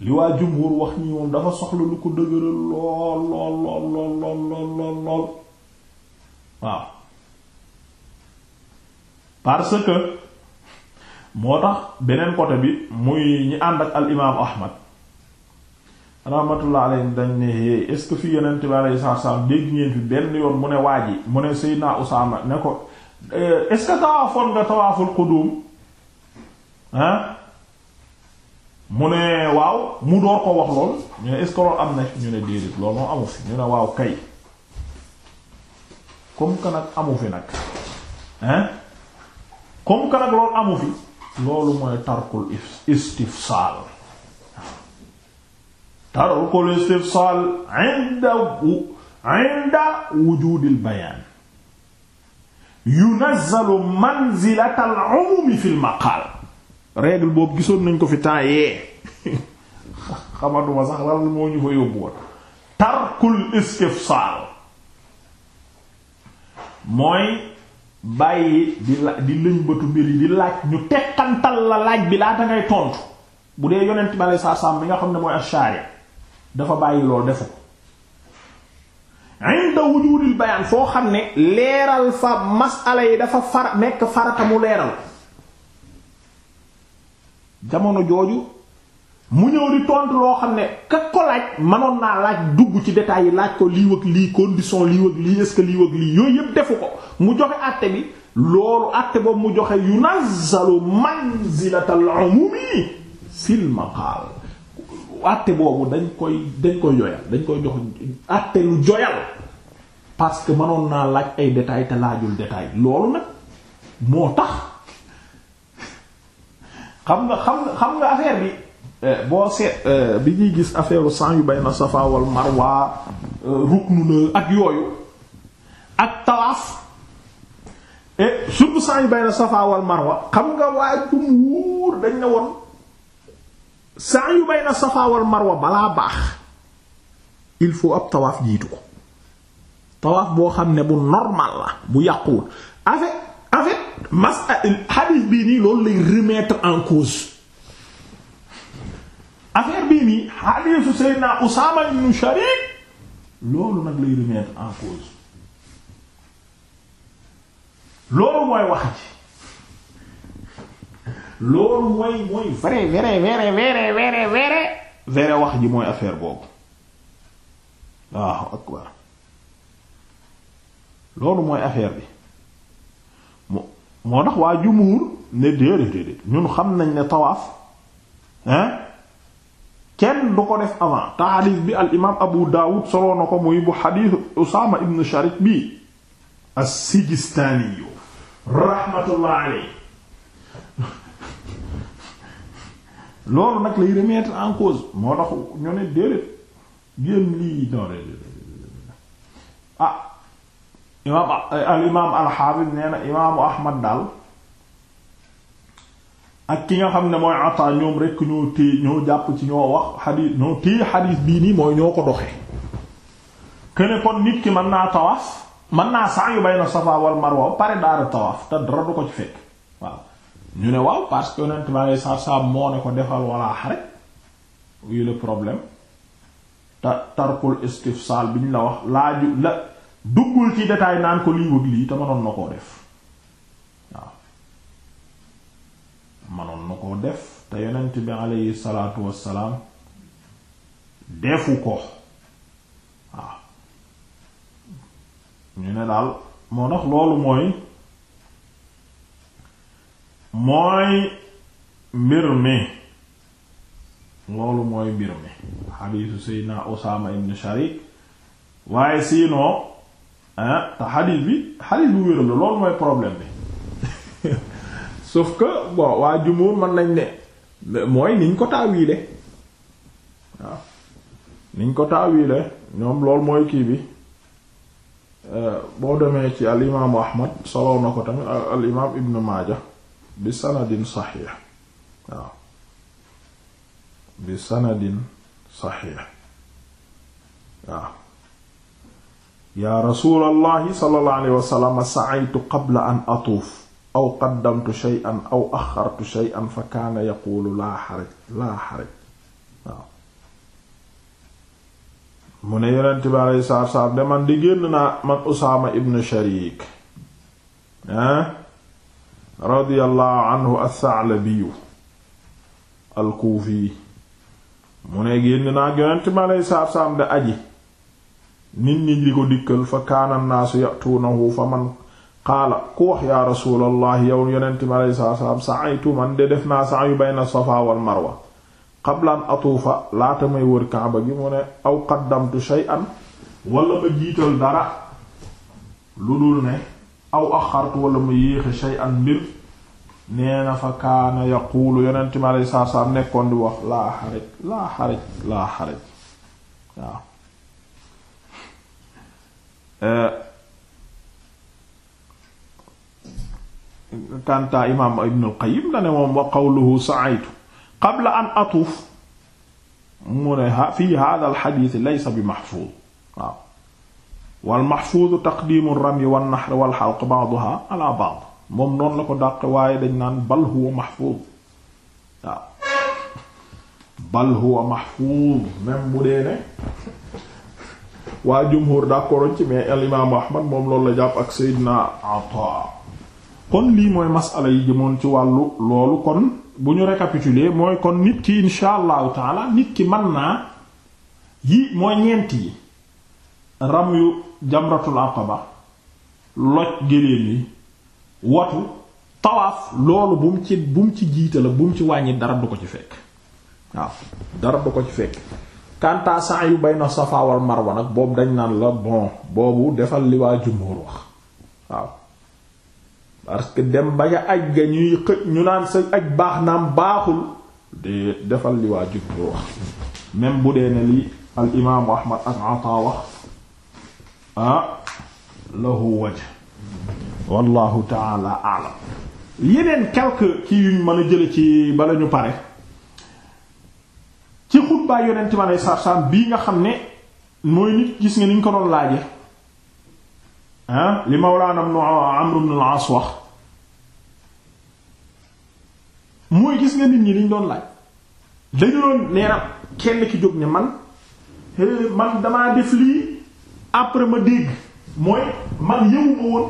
li waa jumhur wax ñi moom dafa soxla lu ko dëgëral lool lool lool lool lool lool lool waaw parce que moo tax beneen côté bi muy ñi ànd ak al imaam Ahmad rahmatullah alayhi dañ ne hey est-ce que fi yonent dégg ngeen fi benn yoon mu ne waa ji mu ne Seydina Usaama ne ko euh, est-ce que nga tawaaful qudum ah. mu ne waaw mu door ko wax lool ñu ne est loolu am na ñu ne déedéet loolu moom amu fi ñu ne waaw kay comme que nag amu fi nag hein comme que loolu amu fi loolu mooy tarkul istifsaal tarkul istifsaal inda inda wujudil bayaan yunazzalu manzilatal umumi fil maqaal règle boobu gisoon nañ ko fi temps yee xamatuma sax lan moo ñu fa yóbbu woon tarkul istifsaal mooy bàyyi di la di lëñbatu mbir yi di laaj ñu tekkantal la laaj bi laa ngay tontu bu dee yonent bale saa saam bi nga xam ne mooy ashaari dafa bàyyi lool defu ko inda foo xam ne leeral yi dafa far nekk farata mu leeral jamono jooju mu ñëw di tontu loo xam ne ka ko laaj mënoon naa laaj dugg ci détails yi laaj ko lii wëg lii condition lii wëg lii est-ce lii wëg lii yooyu yëpp defu ko mu joxe àtte bi loolu àtte boobu mu joxe yunazzalu manzilatal umumi fil maqal àtte boobu dañ koy dañ koy joyal dañ koy jox àtte lu joyal parce que mënoon naa laaj ay détails te laajul détail loolu nag moo tax xam nga xam nga xam nga affaire bi eh, boo seet eh, bi ñuy gis affaire sang yu bay na safa wal marwa eh, ruknu la ak yooyu ak tawaaf surtout sang yu bay na safa marwa xam nga waa jumhuur dañ ne woon sang yu bay na safa wal marwa balaa baax il faut ab tawaaf jiitu ko tawaaf boo xam ne bu normal la bu yàquwul en fait mas hadith bii loolu affaire bii nii mooy wax loolu mooy mooy vrai vrai vrai vrai vrai vrai vrai mooy affaire boobu loolu mooy affaire bi moo tax waa jumuur ne déedéet déedéet ñun xam nañ ne tawaaf hein kenn du ko def avant te xadiis bi al imaam abu daawud soloo na ko muy bu xadiis usaama ibn sharik bi as-sijistaaniyu rahmatullah alayhi loolu nag lay remettre en cause moo tax ñu ne déedéet génn lii non ah imaam al imaam al xaafis nee imaamu ahmad daal ak ki nga xam ne mooy ataa ñoom rekk ñoo téye ñoo jàpp ci ñoo wax xadiis ñoo téye xadiis bii nii mooy ñoo ko doxe këne kon nit ki man naa tawaaf mën naa sa'yu bayna safa wal marwa pare daara tawaaf te dara du ko ci fekk waaw ñu ne waaw parce que honnêtement ma lay saab saab moo ne ko defal walla xare oui le problème te tarkul istifsaal bi ñu la wax laaju la duggul ci détail naan ko lii wëg lii te mënoon na koo def waaw mënoon na koo def te yonent bi aleyhi salaatu wassalaam defu ko waaw ñu ne daal moo tax loolu mooy mooy mbir mi loolu mooy mbir mi xadiisu seydina Usaama ibn Sharik waaye siinoo ah te xadis bi xadis bu wéral loolu mooy problème bi sauf que bon waa jumóor mën nañ ne mooy niñ ko taawiile waaw niñ ko taawiile ñoom loolu mooy kii bi euh, boo demee ci al imaamu ahmad soloo na ko tamit al imaam ibnu maaja bi sanadin saxiix waaw bi sanadin saxiix waaw yaa rasulallahi sallallahu alayhi wa sallam sa'aytu qabla an atuuf aw qaddamtu shay'an aw axartu shay'an fa kaana yaquulu laa xaraj laa xaraj waaw mu ne yonent bi alayhi salaatu salaam de man di génn naa man Usaama ibn Shariik ah, radiyallahu anhu as-Sa'labi al-Kuufi mu ne génn naa yonent bi alayhi salaatu salaam de aji nit ñi di ko dikkal fa kaana naasu yatuunahu fa man qaala ku wax yaa rasuulallah yow yonente mi alayhi salaatu salaam sa'aytu man de def naa sa'yu bayna safa wal marwa qabla atuufa laata may wër kaaba gi mu ne aw qaddamtu shay'an wala ma jiital dara lu dul ne aw axartu wala ma yéexe shay'an mbir nee nekkoon di wax laa xaraj laa xaraj waaw kanta euh, imaam ibnul qayyim dane moom wa qawluhu sa'aytu qabla an atuuf mu ne fi hada alxadit laysa bi maxfuud waaw walmaxfuudu taqdimu ramyi wannaxr walxalq ba'duha ala ba'd moom noonu la ko dàq waaye dañ naan bal huwa maxfuud waaw bal huwa maxfuud même bu dee ne waa jumhur d'accorduñ ci mais al imaamu ahmad moom loolu la jàpp ak Seydina Ata kon lii mooy masala yi jëmoon ci wàllu loolu kon bu ñu récapituler mooy kon nit ki insha allahu taala nit ki mën naa yi mooy ñeent yi ram yu jamratul aqaba loj géléem yi watu tawaaf loolu bu ci bu mu ci jiite la bu ci wàññi dara du ko ci fekk waaw dara du ko ci fekk kanta yu bayna safa wal marwa nag boobu dañ naan la bon boobu defal li waa jumhur wax waaw parce que dem ba nga aj ga ñuy xëj ñu naan sa aj baax naam baaxul de defal li waa wax même bu dee ne li al imaamu ahmad ak ataa wax ah waj wallahu taala alam yeneen quelques kii yuñ mën a jële ci bala ñu pare xutbaay yonent mi aleyhi salaatu bii nga xam ne mooy nit gis nga niñ ko doon laaj ah li Mawlaana Amr ibn al-As mooy gis nga nit ñi liñ doon laaj dañu doon nee kenn ki jóg ne man eh, man damaa def lii après ma dégg mooy man yëwuma woon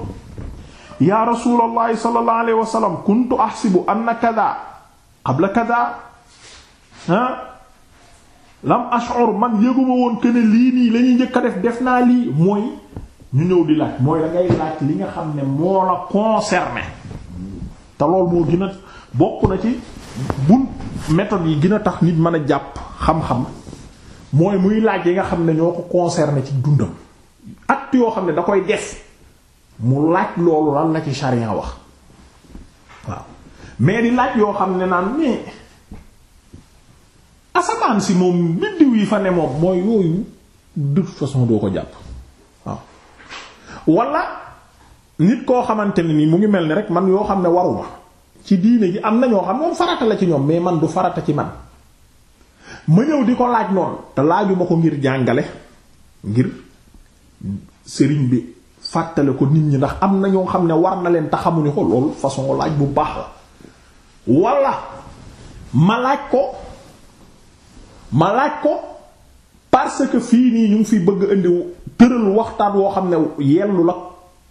yaa rasulallahi sallallahu alayhi wa sallam kuntu ahsibu anna kada qabla kada ah lam ash'ur man yëguma woon que lii nii la ñuy njëkk a def def naa lii mooy ñu ñëw di laaj mooy da laaj li nga xam ne moo la concerné te lool moo gën a bokk na ci bun méthode yi gën a tax nit mën a jàpp xam-xam mooy muy laaj yi nga xam ne ñoo ko concerné ci dundam at yoo xam ne da koy def mu laaj loolu lan la ci charia wax waaw mais di laaj yoo xam ne naan mais asamaan si moom biddiw yi fa ne moom mooy yooyu de façon doo ko jàpp waaw wala nit koo xamante ne ni mu ngi mel ni rek man yoo xam ne waruma ci diine gi am na ñoo xam moom farata la ci ñoom mais man du farata ci man ma ñëw di ko laaj noonu te laajuma ko ngir jàngale ngir sëriñ bi fàttale nit ñi ndax am na ñoo xam ne war na leen te xamuñu ko façon laaj bu baax la wala ma laaj ko ma laaj ko parce que fii nii ñu ngi fi bëgg indi tëral waxtaan woo xam ne yellu la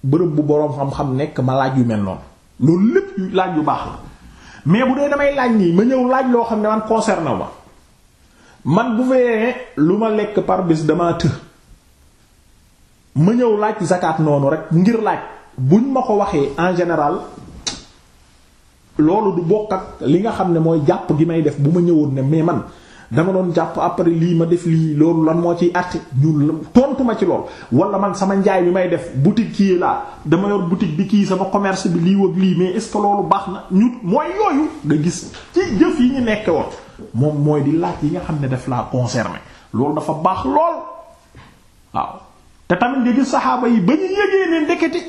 bërëb bu boroom xam-xam nekk ma laaj yu mel noonu loolu lépp laaj yu baax la mais bu dee damay laaj nii ma ñëw laaj loo xam ne man concerné ma man bu fekkee lu ma lekk par bés damaa të ma ñëw laaj zakat noonu rek ngir laaj buñ ma ko waxee en général loolu du bokk ak li nga xam ne mooy jàpp gi may def bu ma ñëwoon ne mais man. dama doon jàpp après lii ma def lii loolu lan moo ciy àtte ñun tontu tontuma ci lool wala man sama njaay bi may def boutique kii laa dama yor boutique bi kii sama commerce bi lii wag lii mais est-ce loolu baax na ñu mooy yooyu nga gis ci jëf yi ñu nekke woon moom mooy di laaj yi nga xam ne daf laa concerné loolu dafa baax lool waaw te tamit nga gis saxaaba yi ba ñu yëgee ne ndekete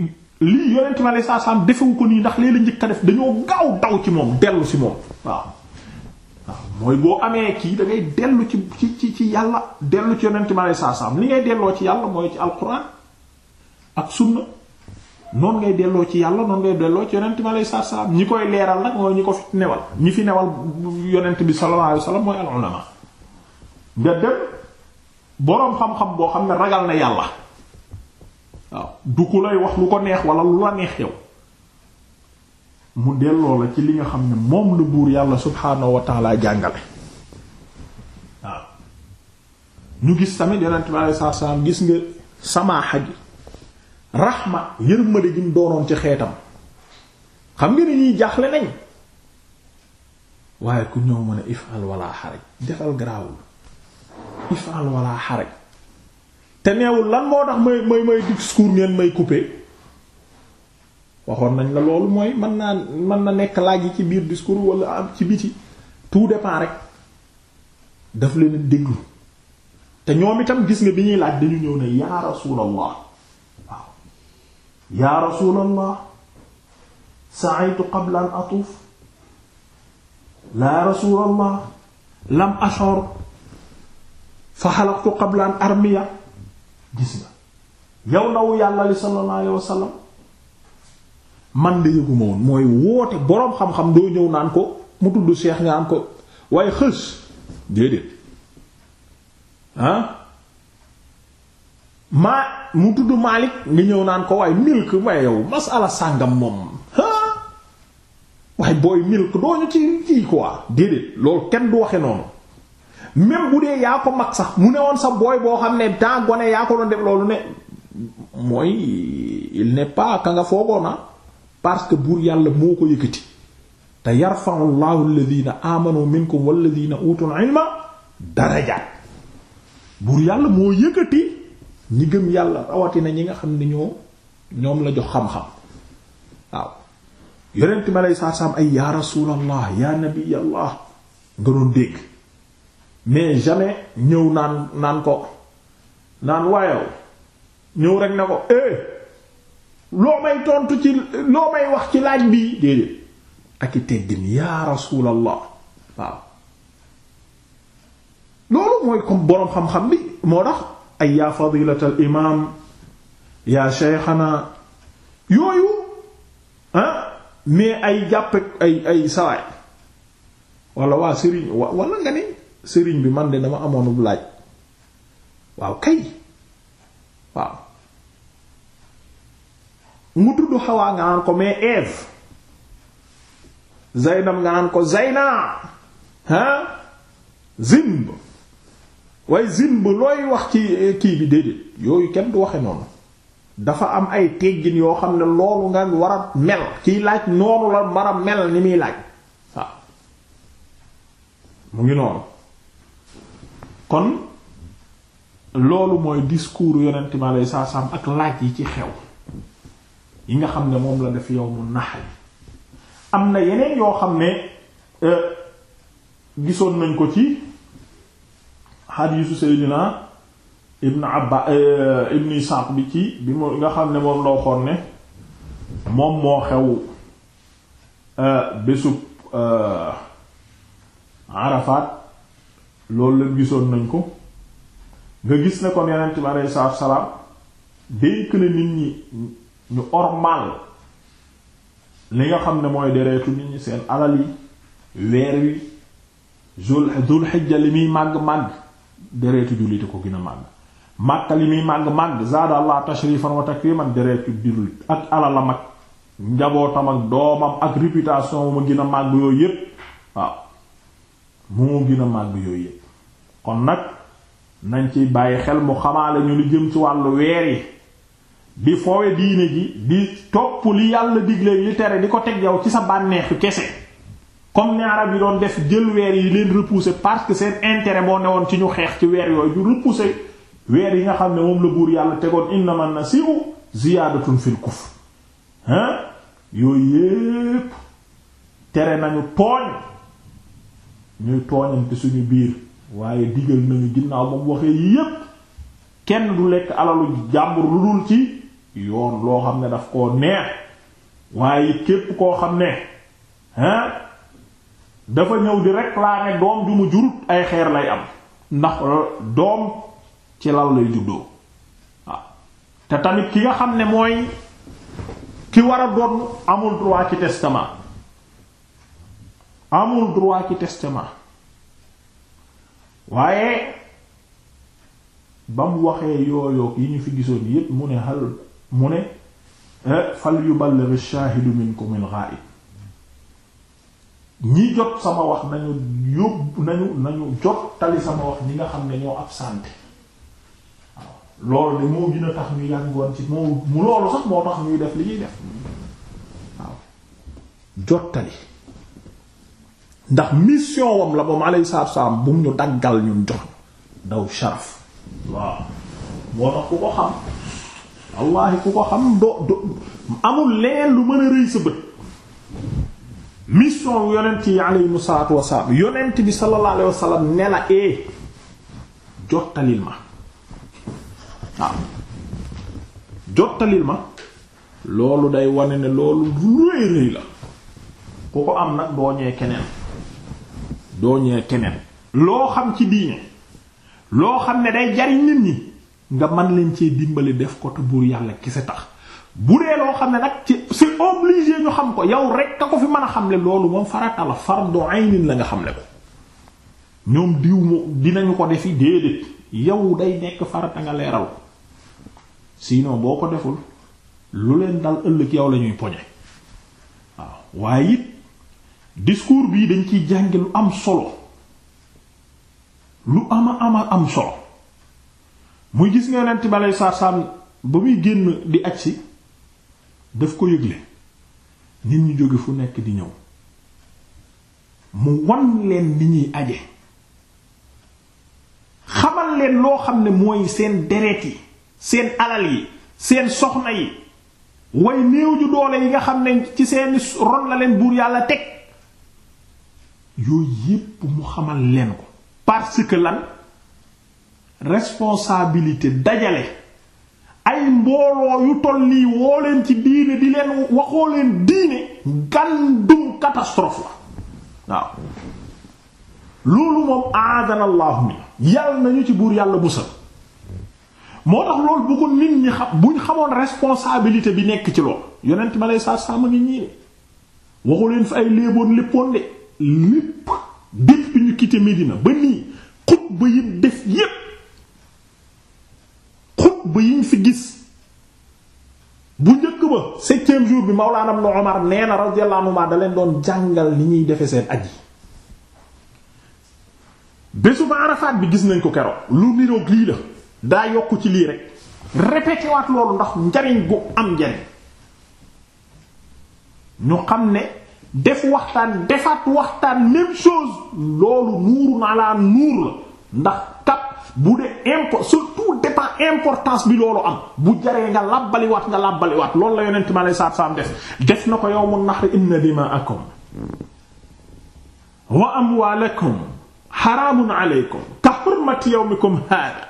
i lii yonent na la saa saam defewu ko nii ndax léeg la njëkk a def dañoo gaaw daw ci moom dellu ci moom waaw waaw mooy boo amee kii da ngay dellu ci ci ci yàlla dellu ci yonent ma lay saasaam li ngay delloo ci yàlla mooy ci alquran ak sunna noonu ngay delloo ci yàlla noonu ngay delloo ci yonent ma lay saasaam ñi koy leeral nag mooy ñi ko fi newal ñi fi newal yonent bi sallallahu alayhi wasallam mooy al ulama nga dem boroom xam-xam boo xam ne ragal na yàlla waaw du ku lay wax lu ko neex wala lu la neex yow. mu delloo la ci li nga xam ne moom lu buur yàlla subhaanahu wa taala jàngale waaw ñu gis tamit yonent bi alayhi salaatu salaam gis nga sama gi raxma yërmande gi mu doonoon ci xeetam xam nga ni ñuy jaaxle nañ waaye ku ñëw mën a ifal wala xaraj defal garaawul ifal wala xaraj te neewul lan moo tax may may may discours ngeen may couper waxoon nañ la loolu mooy mën naa mën na nekk laaj yi ci biir discours wala am ci biti tout dépend rek daf leen déglu te ñoom itam gis bi ñuy laaj dañu ñëw ne yaa rasulallah waaw yaa rasulallah sa'aytu qabla an atuf la rasulallah lam ashur fa xalaqtu qabla an armiya gis nga yow ndaw yàlla li sallallahu alayhi wasallam man de yëguma woon mooy woote boroom xam-xam doo ñëw naan ko mu tudd seex nga naan ko waaye xës déedéet ah maa mu tudd Malik nga ñëw naan ko waaye milk waaye yow masala sàngam moom waaye booy milk doo ñu ci kii quoi déedéet loolu kenn du waxe noonu même bu dee yaa ko mag sax mu ne woon sa booy boo xam ne temps gone yaa ko doon def loolu ne mooy il n'est a nga foogoona parce que buur yàlla moo ko yëkkati te yarfa'u llahu alladhina amanu minkum walladhina utul ilma darajaat buur yàlla moo yëkkati ñi gëm yàlla rawatina ñi nga xam ne ñoo ñoom la jox xam-xam waaw yonent ma ya rasulallah ya nabiyallah nga doon mais jamais ñëw naan naan ko naan waayaw ñëw rek na ko eh, loo may tontu ci loo may wax ci laaj bii déedéet ak i teggin yaa rasuulallah waaw loolu mooy comme boroom xam-xam bi moo tax ay yaa fadilatal imaam yaa shaykhana yooyu ah mais ay jàppe ay ay sawaay wala waa sëriñ wala nga ne sëriñ bi man de dama amoonub laaj waaw kay waaw mu tudd Hawa nga naan ko mais Ève Zaynab nga naan ko Zayna ah Zimb waaye Zimb looy wax ci eh, kii bi déedéet yooyu kenn du waxe noonu dafa am ay teggin yoo xam ne loolu nga war mel kiy laaj noonu la war a mel ni muy laaj waaw mu ngi noonu kon loolu mooy discours yonent mi alayhi salaam ak laaj yi ci xew yi nga xam ne moom la def yawmu nahr am na yeneen yoo xam ne euh, gisoon nañ ko ci xadiisu Seydina Ibn Abba euh, Ibn Isaaq bi ci bi mu nga xam ne moom loo xool ne moom moo xew euh, bésub Arafat loolu la gisoon nañ ko nga gis ne ko Yonent bi aleyhi salaatu wa salaam dénk na nit ñi ñu ormal li nga xam ne mooy dereetu nit ñi seen alal yi weer wi zul zul xijja li muy màgg-màgg dereetu jullit ko gën màgg Makka li muy màgg-màgg zaada allah tashrifan wa takriman dereetu jullit ak alalam ak njabootam ak doomam ak réputation mu gën a màgg yooyu yépp waaw moo gën màgg yooyu yépp kon nag nañ ci bàyyi xel mu xamaale ñu li jëm ci wàllu weer yi bi foowe diine ji di topp li yàlla digleeg li tere di ko teg yow ci sa bànneexu kese comme ni arab yi doon def jël weer yi leen repousser parce que seen intérêt moo woon ci ñu xeex ci weer yooyu du repousser weer yi nga xam ne moom la buur yàlla tegoon innaman nasiu ziyaadatun fil kufr hein yooyu yépp tere nañu tooñ ñuy tooñante suñu biir waaye digal nañu ginnaaw ba mu waxee yépp kenn du lekk alalu jàmbur lu dul ci yoon loo xam ne daf koo neex waaye képp koo xam ne hein dafa ñëw di réclamer doom ju mu jurut ay xeer lay am ndax doom ci law lay juddoo te tamit ki nga xam ne mooy ki war a doon amul droit ci testament amul droit ci testament waaye ba waxee yooyoog yi ñu fi gisoon yépp mu ne hal mu ne eh, fal yuballigh ash-shaahidu minkum al-ghaa'ib ñi jot sama wax nañu yóbbu nañu nañu jot tali sama wax ñi nga xam ne ñoo absent waaw loolu de moo gën a tax ci moo mu loolu def li ñuy waaw jot ndax mission wam la moom alayhi salaatu salaam bu mu ñu daggal ñun jox daw sharaf waaw moo tax ku ko xam wallahi ku ko xam doo do amul leen lu mën a rëy sa bët mission yonent yi aleyhim salaatu wasalaam yonent bi sallallahu alayhi ne la ee eh, jottalil ma waaw jottalil ma loolu day wane ne loolu rëy rëy la ku ko am nag doo keneen doo keneen loo xam ci diine loo xam ne day jariñ nit ñi nga man leen cee dimbali def ko te buur yàlla kese tax bu dee loo xam ne nag ci c'est obligé ñu xam ko yow rek ka ko fi mën a xamle loolu moom farata la fardu aynin la nga xam ne ko ñoom diw mo dinañu ko defi déedéet yow day nekk farata nga leeral ko sinon boo ko deful lu leen dal ëllëg yow la ñuy poñe waaw waaye it discours bii dañ ciy jàngi lu am solo lu ama ama am solo muy gis nga yonent bi aleyhi ba muy génn di agsi daf ko yëgle nit ñu jóge fu nekk di ñëw mu wan leen li ñuy aje xamal leen loo xam ne mooy seen deret yi seen alal yi seen soxna yi way néew ju doole yi nga xam ne ci seeni ron la leen buur yàlla teg yooyu yépp mu xamal leen ko parce que lan responsabilité dajale ay mbooloo yu toll lii woo leen ci diine di leen waxoo leen diine gàndum catastrophe la waaw loolu moom aadana mi yàlla nañu ci buur yàlla busal moo tax loolu bu ko nit ñi xam bu ñu xamoon responsabilité bi nekk ci lool yonent ma lay saa saa ma waxu leen fi ay léeboon léppoon de lépp dépp bi ñu quitté Médina ba nii xutba yi def yépp ba yiñ fi gis bu njëkk ba septième jour bi Mawlaana Ibn Umar nee na radiyallahu anhuma da leen doon jàngal li ñuy defe seen aj yi bésu ba Arafat bi gis nañ ko keroog lu niroog lii la daa yokk ci lii rek répété loolu ndax njariñ bu am njariñ ñu xam ne def waxtaan defaat waxtaan même chose loolu nuurun ala nuur la ndax kat bu dee import surtout importance bi loolu am bu jaree nga làbbaliwaat nga làbbaliwaat loolu la yonent ma lay saab saam def def na ko yawmun nahr inna dima'akum wa amwaalakum xaraamun aleykum ka xurmati yawmikum hada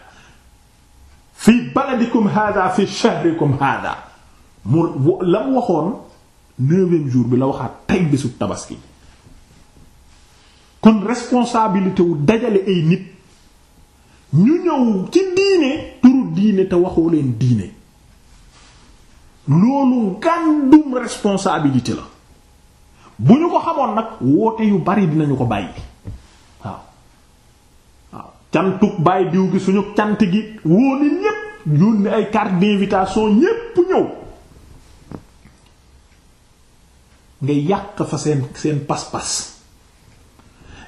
fi baladikum hada fi shahrikum hada mu la mu waxoon neuvième jour bi la waxaat tey bésu tabaski kon responsabilité wu dajale ay nit ñu ñëw ci diine turu diine te waxoo leen diine loolu gàndum responsabilité la bu ñu ko xamoon nag woote yu bari dinañu ko bàyyi waaw waaw cantug bàyyi diw gi suñu cant gi woo ni ñépp yónni ay carte d'invitation ñépp ñëw nga yàq fa seen seen pas-pas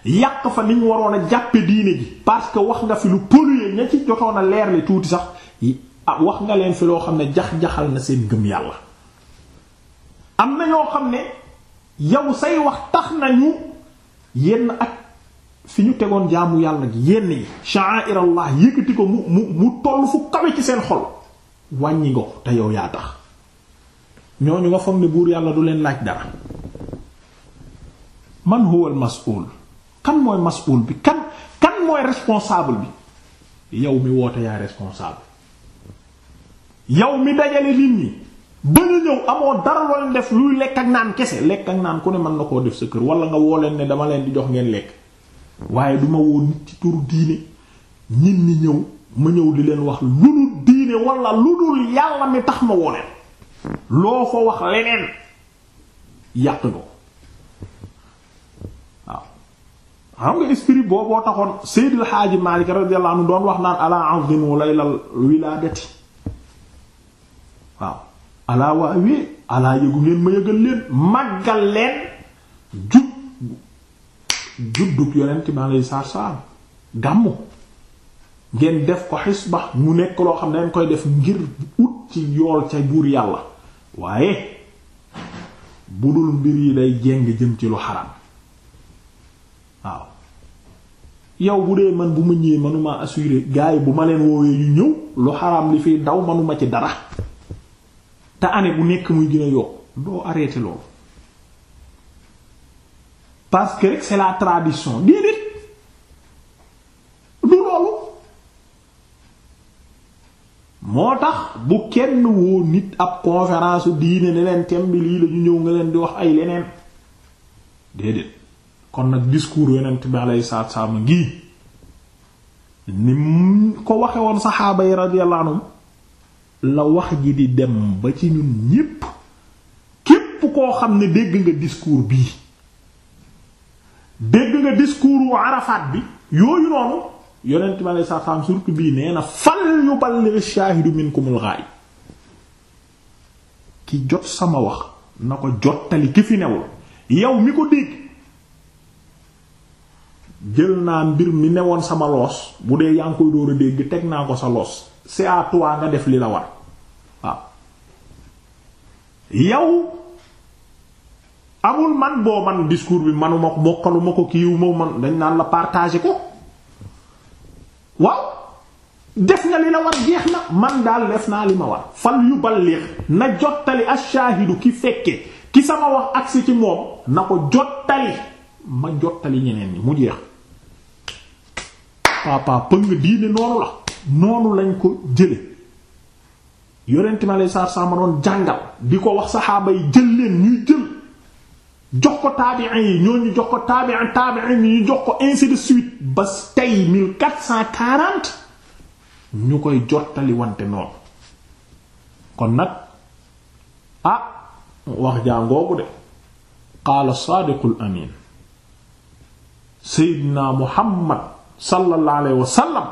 yàq fa ni ñu waroon a jàppe diine ji parce que wax nga fi lu polluer ña ci jotoon a leer li tuuti sax ah wax nga leen fi loo xam ne jax-jaxal na seen gëm yàlla am na ñoo xam ne yow say wax tax nañu yenn ak fi ñu tegoon jaamu yàlla gi yenn yi sha'air allah ko mu mu mu toll fu kawe ci seen xol wàññi nga te yow yaa tax ñu nga foog ne buur yàlla du leen laaj dara man huwa al mas'ul kan mooy mas'ul bi kan kan mooy responsable bi yow mi woote yaay responsable yow mi dajale nit ñi ba ñu ñëw amoo dara loo leen def luy lekk ak naan kese lekk ak naan ku ne mën na koo def sa kër wala nga woo leen ne dama leen di jox ngeen lekk waaye duma woo nit ci turu diine nit ñi ñëw ma ñëw di leen wax lu dul diine wala lu dul yàlla mi tax ma woo loo ko wax leneen yàq ko xam nga esprit booboo taxoon Seydil Xaaji Maalik radiyallahu anhu doon wax naan alaa azimu yëgu ngeen ma yëgal leen màggal leen jub juddug yonent maa saar saar gàmmu ngeen def ko xisba mu nekk loo xam ne dañ koy def ngir ut ci yool ca buur yàlla waaye bu dul mbir yi day jéng jëm ci lu xaram waaw yow bu dee man bu ma ñëwee manuma assuré gars yi bu ma leen woowee yu ñëw lu xaraam li fiy daw manuma ci dara te année bu nekk muy gën yokk doo arrêté loolu parce que rek c'est la tradition déedéet du loolu moo tax bu kenn woo nit ab conférence diine ne leen thème bi lii la ñëw nga leen di wax ay leneen déedéet kon nag discours yonent bi alayhi salaatu salaam ngi ni ko waxe woon saxaaba yi radiyallahu anhum la wax ji di dem ba ci ñun ñépp képp koo xam ne dégg nga discours bii dégg nga discours wu Arafat bi yooyu noonu yonent bi alayhi salaatu salaam surtout bii nee na fal yuballigh ash-shaahidu minkumul ghaa'ib ki jot sama wax na ko jottali ki fi newul yow mi ko dégg jël naa mbir mi ne woon sama loos bu dee yaa dóor a dégg teg naa ko sa loos c'est nga def li la war waaw yow amul man boo man discours bi manuma ko mokkaluma ko kiiwu ma man dañ naan la partager ko waaw def nga li la war jeex na man daal def naa li ma war fal yu ballir na jottali ashaahidu ki fekke ki sama wax agsi ci moom na ko jottali ma jottali ñeneen ñi mu jeex papa pëng diine noonu la noonu lañ ko jële yonenti ma lay saar saa ma jàngal di ko wax saxaaba yi jël leen ñuy jël jox ko taabiin yi ñooñu jox ko taabiin taabiin yi ñu jox ko ainsi de suite ba tey ñu koy jottali wante noonu kon nag ah wax jàngoobu de qaala saadiqul amin seydina muhammad sallallahu alayhi wa sallam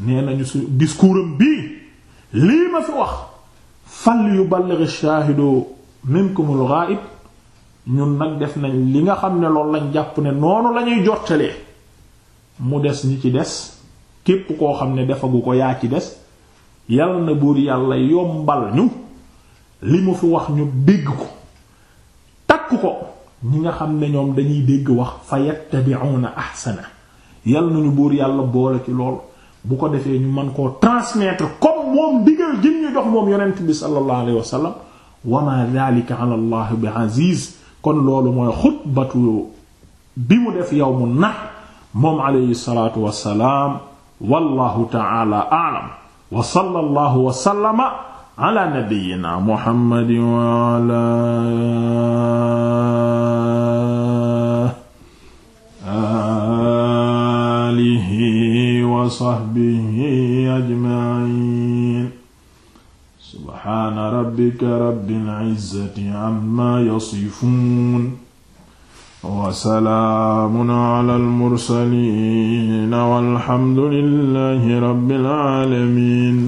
nee nañu su discours am bii lii ma fi wax fal yuballigh shaahidu minkumul ghaib ñun nag def nañ li nga xam ne loolu lañ jàpp ne noonu lañuy jottalee mu des ñi ci des képp koo xam ne defagu ko yaa ci des yàlla na buur yàlla yombal ñu li mu fi wax ñu bégg ko takk ko ñi nga xam ne ñoom dañuy dégg wax fa yattabi'una ahsana yal nañu buur yàlla boole ci lool bu ko defee ñu mën koo transmettre comme moom digal gin ñu jox moom yonent bi sallallahu alayhi wa sallam wa ma dhalika ala allah bi aziz kon loolu mooy xutbatu bi mu def yawmu nahr moom alayhi salatu wassalaam wallahu ta'ala a'lam wa sallallahu wa sallama ala nabiyyina muhammadin wa ala wa sahbihi ajmain subhaana rabbika rabbil izzati amma yasifuun wa salaamun alal mursaliin walhamdulillahi rabbil aalamiin